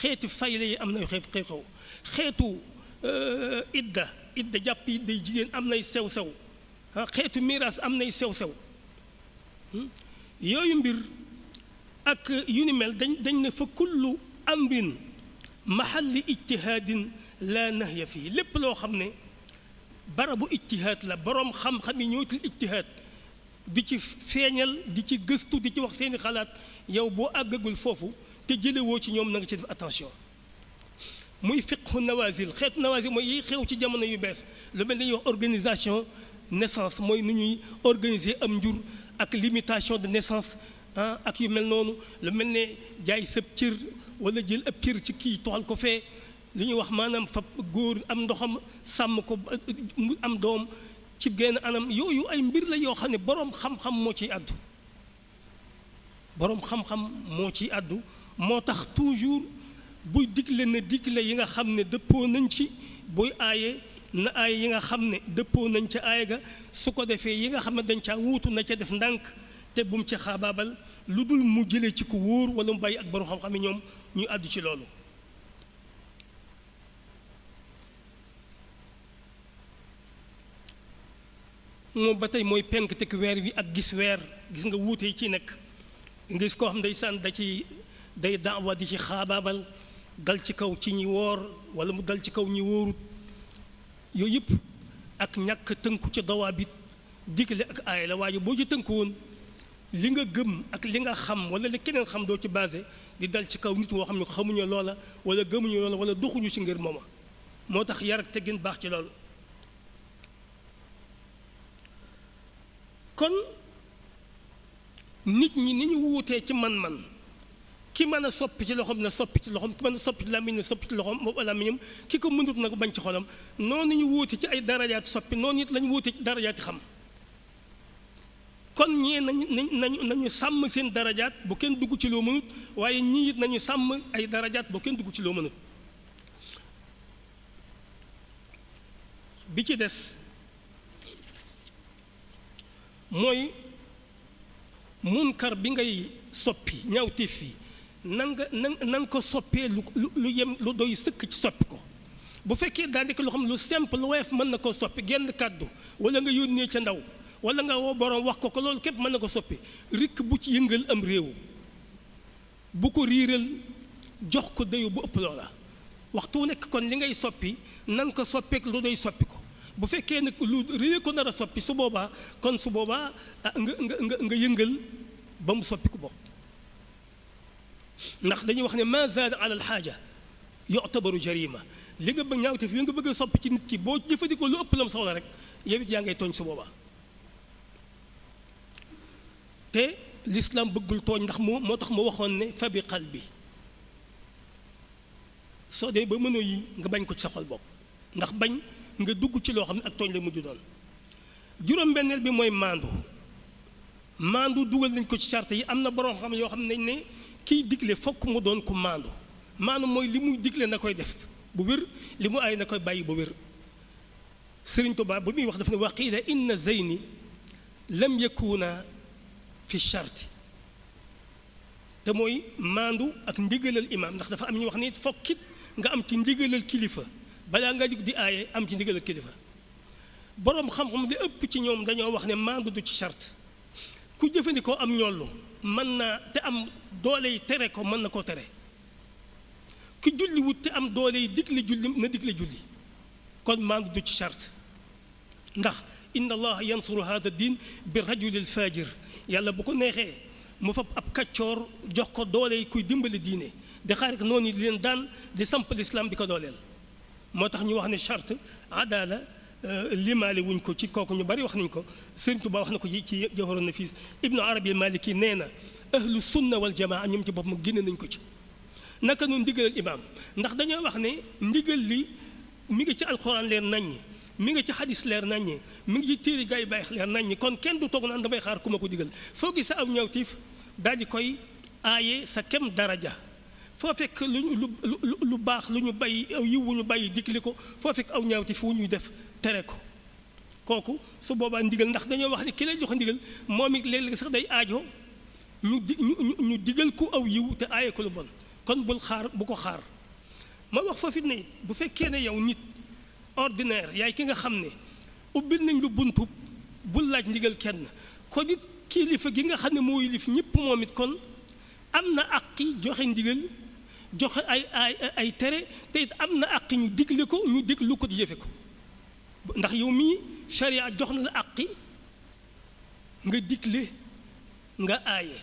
xeeti fayle yi am nay xew xew xeetu euh, idda idda jàpp idday jigéen am na ay sew-sew ah, xeetu miraas am na ay sew-sew hmm? yooyu mbir ak yu ni mel dañ dañ ne fa kullu amrin mahalli ijtihaadin la nahya fii lépp loo xam ne barabu ijtihaad la boroom xam-xam yi ñëw til ijtihaad di ci feeñal di ci gëstu di ci wax seeni xalaat yow boo àggagul foofu te jëlewoo ci ñoom na nga ci def attention muy fiqhu nawazil xeetu nawazil mooy yiy xew ci jamono yu bees lu mel ni ñuy wax organisation naissance mooy nu ñuy organiser am njur ak limitation de naissance ah ak yu mel noonu lu mel ne jaay sëb cër wala jël ab cër ci kii toxal ko fee lu ñuy wax maanaam fa góor am ndoxam sàmm ko am doom ci genn anam yooyu ay mbir la yoo xam ne borom xam-xam moo ciy àddu boroom xam-xam moo ciy àddu moo tax toujours buy digle na digle yi nga xam ne dëppoo nañ ci buy aaye na aaye yi nga xam ne dëppoo nañ ca aaye ga su ko defee yi nga xam ne dañ caa wuutu na ca def ndànk te bu mu ci xaabaabal lu dul mu jëlee ci ku wóor wala mu bàyyi ak boroom xam-xam ñoom ñu àddu ci loolu moom ba tey mooy penk teg weer wi ak gis weer gis nga wuute yi ci nekk ngis koo xam day sànn da ci day daawa di ci xaabaabal dal ci kaw ci ñi woor wala mu dal ci kaw ñi wóorut yooyu yëpp ak ñàkk tënku ci dawaabit digle ak aay la waaye boo ci tënku woon li nga gëm ak li nga xam wala li keneen xam doo ci basé di dal ci kaw nit woo xam ne xamuñu loola wala gëmuñu loola wala doxuñu ci ngir mooma moo tax yar te gën baax ci loolu kon nit ñi ni ñu wuutee ci man-man ki mën a soppi ci loxoom na soppi ci loxoom ki mën a soppi ci làmmiñ na soppi ci loxoom boobu ki ko mënut nag bañ ci xolam noonu ñu wuute ci ay darajaati soppi noonu it lañ wuute ci darajaati xam kon ñee nañu nañu nañu sàmm seen darajaat bu kenn dugg ci loo mënut waaye ñii it nañu sàmm ay darajaat boo kenn dugg ci loo mënut bi ci des mooy kar bi ngay soppi ñaawteef fii na nga na nga ko soppee lu lu yem lu doy sëkk ci soppi ko bu fekkee daal di ko loo xam lu simple woyof mën na koo soppi genn kàddu wala nga yónnee ca ndaw wala nga woo borom wax ko ko loolu képp mën na ko soppi rikk bu ci yëngal am réew bu ko riiral jox ko dayu bu ëpp loola waxtu nekk kon li ngay soppi nan ko soppeek lu doy soppi ko bu fekkee nag lu rëy ko nar a soppi su boobaa kon su boobaa ah, nga nga nga nga yëngal ba mu soppi ku bopp ndax dañuy wax ne ma zaada ala alxaaja yu'tabaru jarima li nga bëgg ñaawte fi nga bëgg a soppi ci nit ki boo jëfandikoo lu ëpp lam soxla rek yow yaa ngay tooñ su booba te l'islam bëggul tooñ ndax moo moo tax mu waxoon ne fa bi qalbi soo dee ba mënoo yi nga bañ ko ci sa xol bopp ndax bañ nga dugg ci loo xam ne ak tooñ la mujj doon juróom-benneel bi mooy maandu maandu dugal nañ ko ci charte yi am na borom xam yoo xam nañ ne kiy digle fokk mu doon ku maandu maandu mooy li muy digle na koy def bu wér li mu ay na koy bàyyi bu wér sëriñ Tuubaa bu muy wax daf ne waqiila inna zeyni lam yakuna fi charte te mooy maandu ak ndigalal imaam ndax dafa am ñu wax ne fokkit nga am ci ndigalal kilifa balaa nga jug di aaye am ci ndigal ak kilifa boroom xam-xam li ëpp ci ñoom dañoo wax ne maandu du ci charte ku jëfandikoo am ñollu mën naa te am doole yi tere ko mën na koo tere ki julli wut te am doole yi digle julli na digle julli kon maandu du ci charte ndax inna allah yansuru hada diin bi rajulil fajir yàlla bu ko neexee mu fab ab kaccoor jox ko doole yi kuy dimbali diine di xaarik noonu di leen daan di samp lislaam di ko dooleel moo tax ñu wax ne charte adala euh, limaale wuñ ko ci kooku ñu bari wax nañ ko Sëriñ Tuubaa wax na ko ci Jawharun Nafiis Ibnu Arabi Maliki nee na ahlu sunna wal jamaa ñoom ci bopp boppam génne nañ ko ci naka noonu ndigalal imaam ndax dañoo wax ne ndigal li mu ngi ci alxuraan leer naññi mi ngi ci xadis leer naññi mi ngi ci téere gaay bàyyi leer naññi kon kenn du toog naan damay xaar kuma ma ko digal foo gis sa aw ñawtiif daal di koy aaye sa kem daraja foo fekk lu lu lu baax lu ñu bay yiw wu ñu bàyyi digli ko foo fekk aw ñaawti fu ñuy def tere ko kooku su boobaa ndigal ndax dañoo wax ne ki lay jox ndigal moom it léeg sax day aajo ñu di ñu ñu ko aw yiw te aaye lu bon kon bul xaar bu ko xaar ma wax foofu ne bu fekkee ne yow nit ordinaire yaay ki nga xam ne ubbil nañ lu buntu bul laaj ndigal kenn kon it kilifa gi nga xam ne moo yilif ñëpp moom it kon am na ak àqi joxe ndigal jox ay ay ay tere te am na àq ñu digle ko ñu diglu ko di jëfe ko ndax yow mii charia jox na la àqi nga digle nga aaye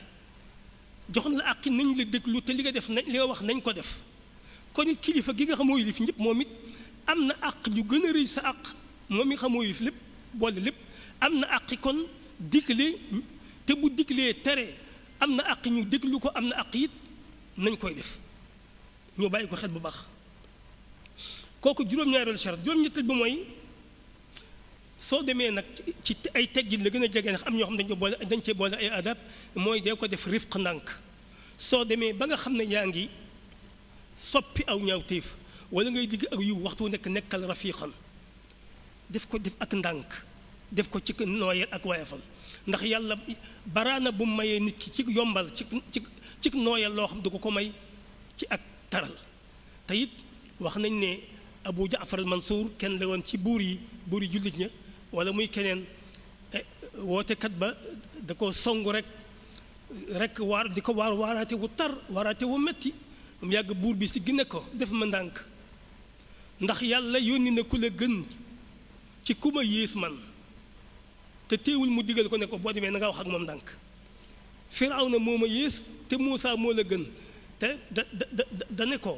jox na la àqi nañ la déglu te li nga def nañ li nga wax nañ ko def kon it kilifa gi nga xam mooy yilif ñëpp moom it am na àq ju gën a rëy sa àq moom mi xam mooy lépp boole lépp am na àqi kon digle te bu diglee tere am na àq ñu déglu ko am na àq it nañ koy def ñu bàyyi ko xel bu baax kooku juróom-ñaareelu charte juróom-ñettal bi mooy soo demee nag ci ay teggin la gën a jege ndax am ñoo xam dañ ko boole dañ cee boole ay adab mooy dee ko def rifq ndànk soo demee ba nga xam ne yaa ngi soppi aw ñaawteef wala ngay digg ak yiw waxtu nekk nekkal rafiqan def ko def ak ndànk def ko ci nooyal ak wayafal ndax yàlla baraana bu mayee nit ki ci yombal ci ci nooyal loo xam du ko ko may ci ak taral te it wax nañ ne Abu Jaafar al-Mansuur kenn la ci buur yi buur yi jullit ña wala muy keneen e, wootekat ba da ko song rek rekk waar di ko waar waaraate wu tar waaraate wu metti mu yàgg buur bi si gine ko def ma ndànk ndax yàlla yónni ne ku la gën ci ku ma yées man te téewul mu digal ko ne ko boo demee na wax ak moom ndànk Firawna moo ma yées te Muusaa moo la gën te da da da ne ko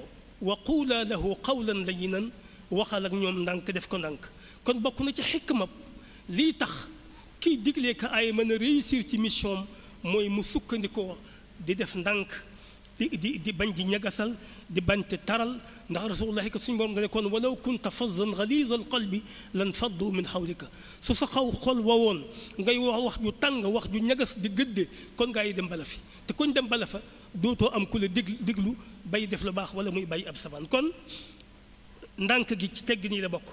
wa quula lahu qawlan layyinan waxal ak ñoom ndànk def ko ndànk kon bokk na ci xikma lii tax kii diglee ko ay mën a ci mission mooy mu sukkandikoo di def ndànk di di di bañ di ñagasal di bañ te taral ndax rasulullahi ko suñu borom da ne kon walaw kunta fazan galiza al qalbi lan faddu min xawlika su sa xaw xol wowoon ngay wax wax ju tàng wax ju ñagas di gëdde kon gaa yi dem bala fi te koñ dem bala fa dootoo am ku la dig diglu bay def lu baax wala muy bay ab sabaan kon ndànk gi ci tegg nii la bokk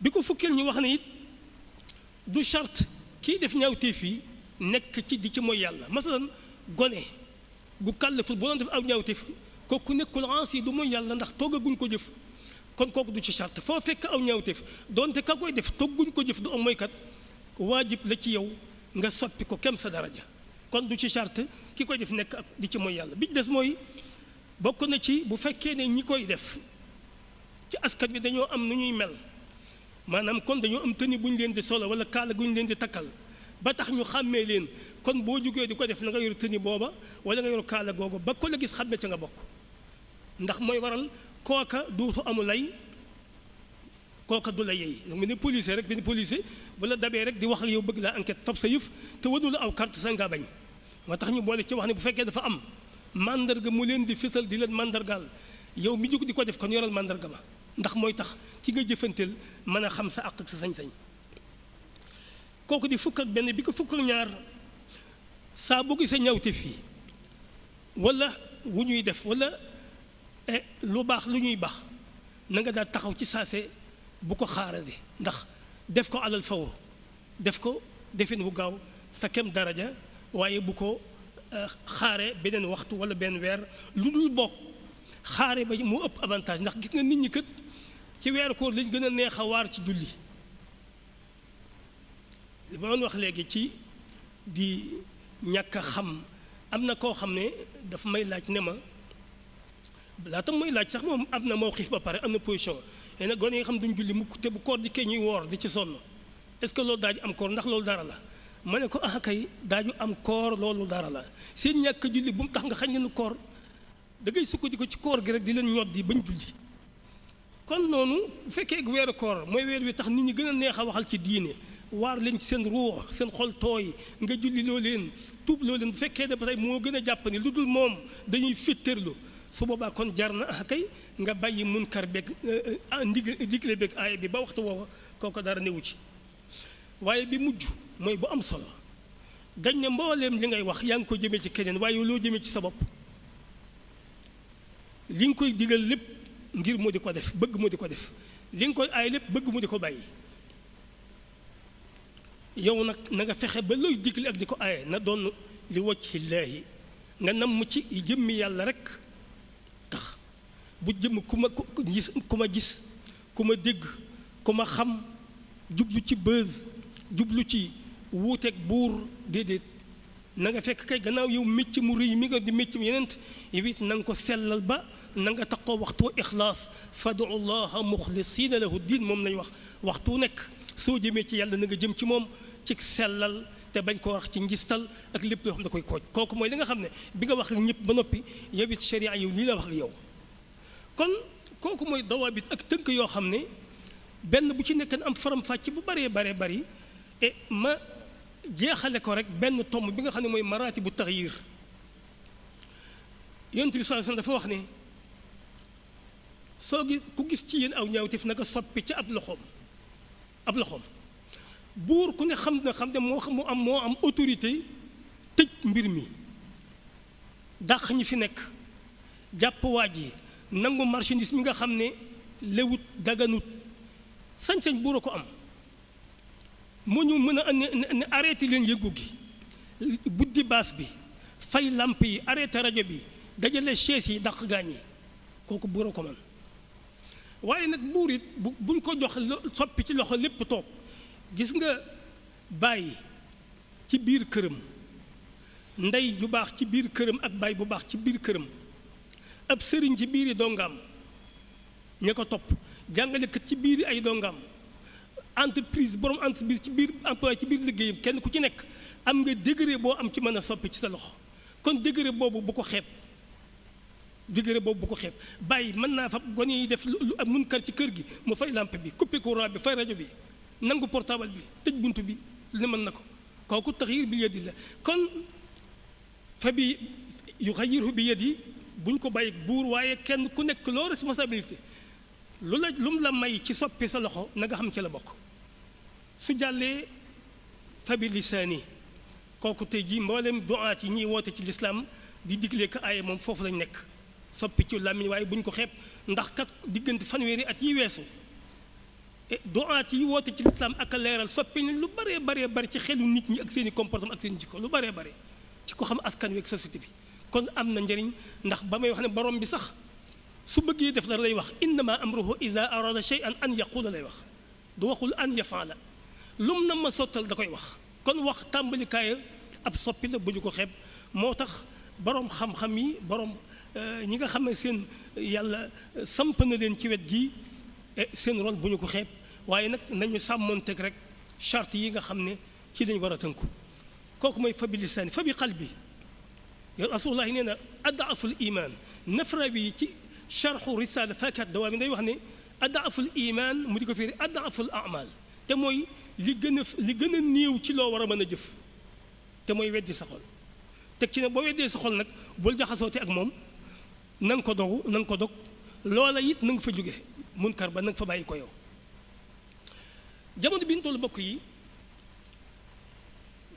bi ko fukkeel ñu wax na it du charte kii def ñaawteef yi nekk ci di ci moy yàlla masalan gone gu kàllaful boo doon def aw ñaawteef kooku nekkul ansi du mooy yàlla ndax toggaguñ ko jëf kon kooku du ci charte foo fekk aw ñaawteef donte ka koy def togguñ ko jëf du am mooykat waajib la ci yow nga soppi ko kem sa daraja kon du ci charte ki koy def nekk ak di ci mooy yàlla bi des mooy bokk na ci bu fekkee ne ñi koy def ci askan bi dañoo am nu ñuy mel maanaam kon dañoo am tëni bu ñu leen di solo wala kaala gu ñu leen di takkal ba tax ñu xàmmee leen kon boo jógee di ko def na nga yor tëni booba wala nga yor kaala googu ba ko gis xam ne ca nga bokk ndax mooy waral kooka duutu amu lay kooka du la yey mu ne policier rek fi ne policier bu la dabee rek di wax ak yow bëgg laa enquête fab sa yëf te wadu la aw carte sa nga bañ moo tax ñu boole ci wax ne bu fekkee dafa am màndarga mu leen di fësal di leen mandargaal yow mi jóg di ko def kon yoral mandarga ba ndax mooy tax ki nga jëfanteel mën a xam sa àq sa sañ-sañ kooku di fukk ak benn bi ko fukk ak ñaar saa boo sa ñawte fii walla wu ñuy def wala Eh, lu baax lu ñuy baax nanga nga daal taxaw ci saase bu ko xaarale ndax def ko alal fawru def ko defin bu gaaw sa kem daraja waaye bu ko eh, xaare beneen waxtu wala benn weer lu dul bokk xaare ba mu ëpp avantage ndax gis nga nit ñi kat ci weeru koor lañ gën a neex a waar ci julli li ma doon wax léegi ci di ñàkk xam am na koo xam ne dafa may laaj ne ma laata muy laaj sax moom am na mawqif ba pare am na position mais nag gone yi xam duñ julli mukk te bu koor dikkee ñuy woor di ci sonn est-ce que loolu daaju am koor ndax loolu dara la ma ne ko ah kay daaju am koor loolu dara la seen ñàkk julli bu mu tax nga xañ nu koor da ngay sukkandiku ci koor gi rek di leen ñoddi bañ julli. kon noonu bu fekkee weeru koor mooy weer wi tax nit ñi gën a neex a waxal ci diine waar leen ci seen ruux seen xol tooy nga julli loo leen tuub loo leen bu fekkee ne ba tey moo gën a jàpp ni lu dul moom dañuy fitterlu su boobaa kon jar na ah kay nga bàyyi mun munkar beeg euh, euh, ah, ndig digle beeg aaya bi ba waxtu woo ko kooko dara newu ci waaye bi mujj mooy bu am solo dañ ne mbooleem li ngay wax yaa ngi ko jëmee ci keneen waaye loo jëmee ci sa bopp li nga koy digal lépp ngir mu di ko def bëgg mu di ko def li nga koy aay lépp bëgg mu di ko bàyyi yow nag na nga fexe ba looy digle ak di ko aaye na doon li wacc illaahi nga namm ci jëmmi yàlla rek bu jëm ku ma gis ku ma gis ku ma dégg ku xam jublu ci bëz jublu ci wuuteeg buur déedéet na nga fekk kay gannaaw yow mécc mu rëy mi nga di mécc mu yenent yow it na nga ko sellal ba na nga taqoo waxtu ixlaas fadu llaha muxlisina lahu diin moom lañ wax waxtu nekk soo jëmee ci yàlla na nga jëm ci moom ci sellal te bañ koo wax ci ngistal ak lépp loo xam ne koy kooj kooku mooy li nga xam ne bi nga wax ak ñëpp ba noppi yow it sharia yow lii la wax ak yow kon kooku mooy dawaabit ak tënk yoo xam ne benn bu ci nekk am faram-fàcc bu baree baree bari et ma jeexale ko rek benn tomb bi nga xam ne mooy maraati bu taxyir yonent bi sallallahu alayhi wasallam dafa ku gis ci yéen aw ñaawteef naka soppi ca ab loxoom ab loxoom buur ku ne xam xam ne moo xam moo am moo am autorité tëj mbir mi dàq ñi fi nekk jàpp waaj yi nangu marchandise mi nga xam ne lewut daganut sañ-sañ buur a ko am moo ñu mën a ne arrêté leen yëngu gi buddi baas bi fay làmp yi arrêté rajo bi dajale chaise yi daq gaañ yi kooku buur a ko man waaye nag buur it bu buñ ko jox soppi ci loxo lépp toog gis nga bàyyi ci biir këram ndey ju baax ci biir këram ak bàyyi bu baax ci biir këram ab sëriñ ci biiri dongaam ña ko topp jàngale jàngalekat ci biir ay dongaam entreprise borom entreprise ci biir emploi ci biir liggéeyam kenn ku ci nekk am nga degré boo am ci mën a soppi ci sa loxo kon degré boobu bu ko xeeb degré boobu bu ko xeeb bàyyi mën naa fa gone yi def lu munkar ci kër gi mu fay lampe bi couper courant bi fay rajo bi nangu portable bi tëj bunt bi li mën na ko kooku taxyir bi yadi la kon fa bi yuxayiru bi yadi buñ ko bàyyi buur waaye kenn ku nekk loo responsabilité lu la lu mu la may ci soppi sa loxo na xam ci la bokk su jàllee fabi lisaani kooku tey jii mboolem duaat yi ñuy woote ci lislaam di diglee ko aaye moom foofu lañ nekk soppi ci làmmiñ waaye buñ ko xeeb ndax kat diggante fanweeri at yi weesu e, duaat yi woote ci lislaam ak leeral soppi nañ lu baree baree bari ci xelu nit ñi ak seeni i comportement ak seen ko lu baree bare ci ko xam askan week ak bi kon am na njariñ ndax ba may wax ne borom bi sax su bëggee def dara lay wax innama amruhu ida arada shay'an an yaqula lay wax du waxul an yafaala lum na ma sottal da koy wax kon wax tàmbalikaay ab soppi la bu ñu ko xeeb moo tax borom xam-xam yi borom eh, ñi nga xam ne seen yàlla samp na leen ci wet gii eh, seen rôle buñu ko xeeb waaye nag nañu teg rek charte yi nga xam ne ci lañ war a tënku kooku mooy fa bi lisaani fa bi qalbi rasulullahi nee na adaful iman nafra bi ci charxu risala fakat dawaa mi day wax ne adaful iman mu di ko fiiri adaful amal te mooy li gën li gën a néew ci loo war a mën a jëf te mooy weddi sa xol teg ci ne boo weddee sa xol nag jaxasoo te ak moom nang ko dogu nang ko dog loola it na nga fa jóge munkar ba na nga fa bàyyi ko yow jamono bi ñu bokk yi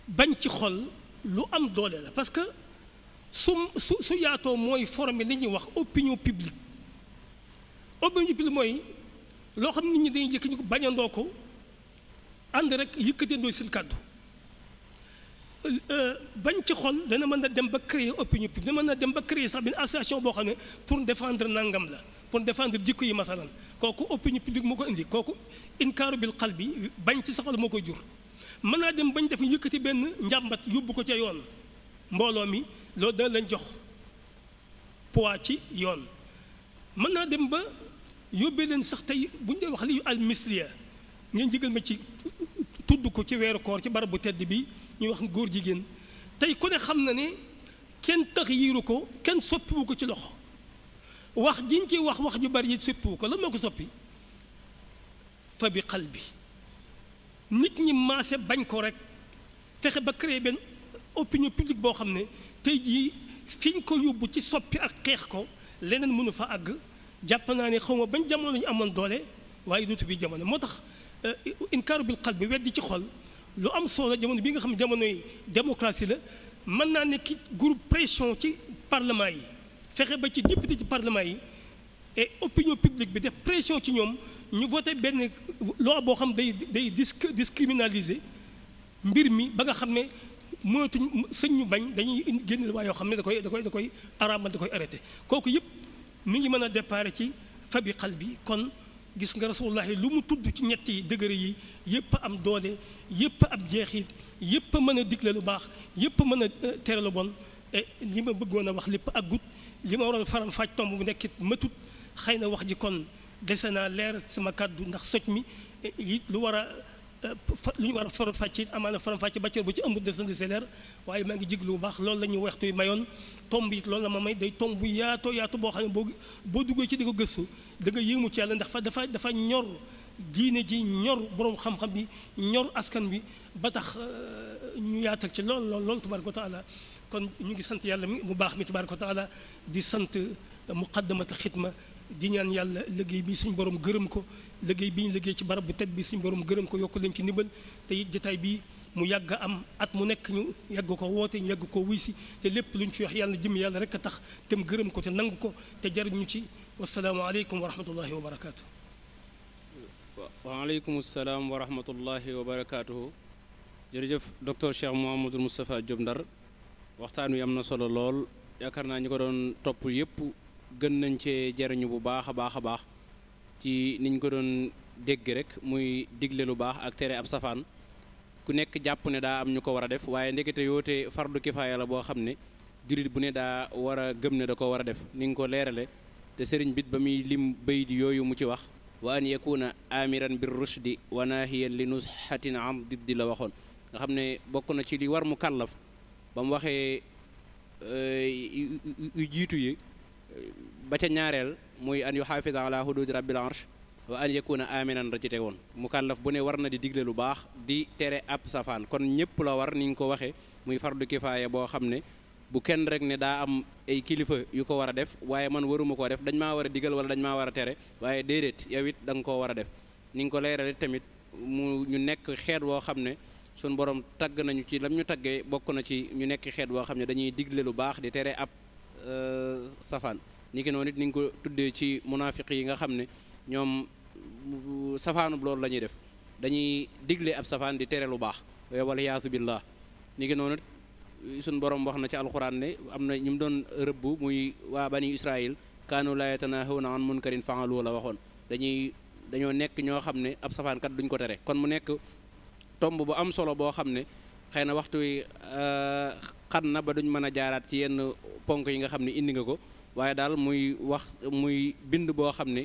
bañ ci xol lu am doole la su su su yaatoo mooy former li ñuy wax opinion publique opinion publique mooy loo xam nit ñi dañuy jëkk ñu ko bañandoo ko ànd rek yëkkateendoo seen kàddu euh, bañ ci xol dana mën a dem ba créer opinion publique dana mën a dem ba créer sax benn association boo xam ne pour défendre nangam la pour défendre jikko yi masalan kooku opinion publique moo ko indi kooku inkaaru bil xal bi bañ ci sa xol moo ko jur mën naa dem bañ def yëkkati benn njàmbat yóbbu ko ca yoon mbooloo mi lool dana lañ jox poids ci yoon mën naa dem ba yóbbee leen sax tey bu ñu dee wax li al misliya ngeen jëgal ma ci tudd ko ci weeru koor ci barab bu tedd bi ñuy wax góor jigéen tey ku ne xam na ne kenn tax yiiru ko kenn soppiwu ko ci loxo wax jiñ ci wax wax ju bari yi soppiwu ko lan moo ko soppi fa bi xal bi nit ñi maase bañ ko rek fexe ba créer benn opinion publique boo xam ne tey jii fiñ ko yóbbu ci soppi ak xeex ko leneen mënu fa àgg jàpp naa ne xaw ma bañ jamono ñu amoon doole waaye duutu bi jamono moo tax euh, inkaaru bil xal bi weddi ci xol lu am solo jamono bi nga xam ne jamonoy démocratie la mën naa ne ki groupe pression ci parlement yi fexe ba ci député ci parlement yi et opinion publique bi def pression ci ñoom ñu voté benn loo boo xam day day discriminaliser mbir mi ba nga xam ne mënatuñ sëñ ñu bañ dañuy indi génn waa yoo xam ne da koy da koy da koy araamal da koy arrêté kooku yëpp mu ngi mën a déparé ci fabi xal bi kon gis nga rasulullahi lu mu tudd ci ñetti degré yi yëpp am doole yëpp am jeexit yëpp mën a digle lu baax yëpp mën a euh, tere lu bon li ma bëggoon a wax lépp aggut li ma waroon faram faj tomb bu nekkit matut xëy na wax ji kon dese naa leer sama kàddu ndax soj mi it lu war lu ñu war a faram fàcce amaana faram fàcce bàccoor bu ci ëmb des na di see leer waaye maa ngi jiglu bu baax loolu la ñu waxtu yi mayoon tomb it loolu la ma may day tomb bu yaatoo yaatu boo xam ne boo boo duggee ci di ko gëstu da nga yéemu ci yàlla ndax fa dafa dafa ñor diine ji ñor boroom xam-xam bi ñor askan bi ba tax euh, ñu yaatal ci lool lool loolu tabaraka wa taala kon ñu ngi sant yàlla mu baax mi tabaraka wa taala di sant muqaddamata xidma di ñaan yàlla liggéey bi suñu boroom gërëm ko liggéey bi ñu liggéey ci barab bi tedd bi suñu borom gërëm ko yokk leen ci ndimbal te it jotaay bi mu yàgg am at mu nekk ñu yàgg ko woote ñu yàgg ko wuy si te lépp lu ñu fi wax yàlla jëm yàlla rek a tax te mu gërëm ko te nangu ko te jariñu ci wasalaamaaleykum wa rahmatullahi wa barakaatu. waaleykum salaam wa rahmatullahi wa barakaatu. jërëjëf docteur Cheikh Mouhamadul Moustapha Diop Ndar waxtaan wi am na solo lool yaakaar naa ñi ko doon topp yëpp. gën nañ cee jariñu bu baax a baax a baax ci niñ ko doon dégg rek muy digle lu baax ak tere ab safaan ku nekk jàpp ne daa am ñu ko war a def waaye ndekete yoote fardu kifaaya la boo xam ne jullit bu ne daa war a gëm ne da ko war a def ni nga ko leerale te sëriñ bit ba muy lim di yooyu mu ci wax wa an yakuna amiran bir di wa nahiyan li nushatin am di la waxoon nga xam ne bokk na ci li war mu kàllaf ba mu waxee euh, yu jiitu yi ba ca ñaareel muy an yu xaafisa ala hududi rabbil arsh wa an yakuna aminan ra ci tegoon mukallaf bu ne war na di digle lu baax di tere ab safaan kon ñëpp la war ni ñu ko waxee muy fardu kifaaya boo xam ne bu kenn rek ne daa am ay kilifa yu ko war a def waaye man waruma koo def dañ maa war a digal wala dañ maa war a tere waaye déedéet yow it da nga war a def ni ko leerale tamit mu ñu nekk xeet woo xam ne suñ borom tagg nañu ci lam ñu taggee bokk na ci ñu Euh, safaan ni it ni nga ko tuddee ci munaafiq yi nga xam ne ñoom safaanub loolu la ñuy def dañuy digle ab safaan di tere lu baax wala yaasu billah ni ki noonu suñ borom wax na ci alxuraan ne am na ñu mu doon rëbb muy waa bani israil kaanu laa yatanahawna an munkarin fa'alu la waxoon dañuy dañoo nekk ñoo xam ne ab safaankat duñ ko tere kon mu nekk tomb bu am solo boo xam ne xëy na waxtu wi euh, xat na ba duñ mën a jaaraat ci yenn ponk yi nga xam ne indi nga ko waaye daal muy wax muy bind boo xam ne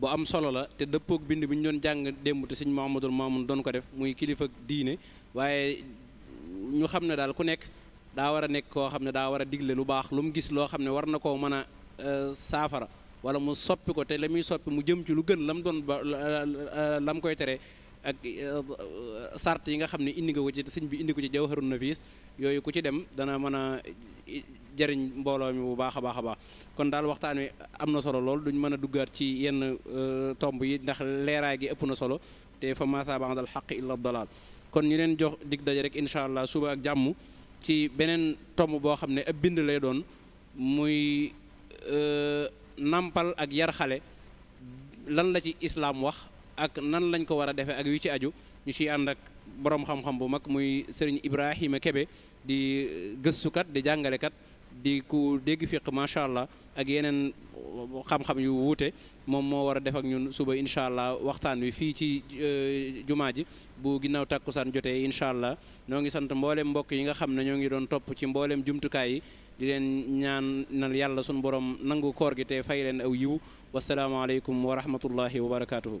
bu am solo la te dëppook bind bi ñu doon jàng démb te sëñ Mouhamadul Mamoun doon ko def muy kilifa diine waaye ñu xam ne daal ku nekk daa war a nekk koo xam ne daa war a digle lu baax lu mu gis loo xam ne war na koo mën a euh, saafara wala mu soppi ko te la muy soppi mu jëm ci lu gën la mu doon ba la mu koy tere ak euh, sart yi nga xam ne indi nga ko ci sëñ bi indi ko ci jawharun nafis yooyu ku ci dem dana mën a jëriñ mbooloo mi bu baax a baax a baax kon daal waxtaan wi am na solo lool duñ mën a duggaat ci yenn euh, tomb yi ndax leeraay gi ëpp na solo te fa ma saaba andal xaq illa dalal kon ñu leen jox dig daje rek incha allah suba ak jàmm ci beneen tomb boo xam ne ab bind lay doon muy euh, nàmpal ak yar xale lan la ci islaam wax ak nan lañ ko war a defee ak yu ci aju ñu ciy ànd ak borom xam-xam bu mag muy sëriñ Ibrahima Kebe di gëstukat di jàngalekat di ku dégg fiq macha allah ak yeneen xam-xam yu wuute moom moo war a def ak ñun suba incha allah waxtaan wi fii ci euh, jumaa ji bu ginnaaw tàkkusaan jotee incha allah ñoo ngi sant mboolem mbokk yi nga xam ne ñoo ngi doon topp ci mboolem jumtukaay yi di leen ñaanal yàlla sunu borom nangu koor gi te fay leen aw yiw wasalaamaaleykum wa rahmatullahi wa barakaatuhu.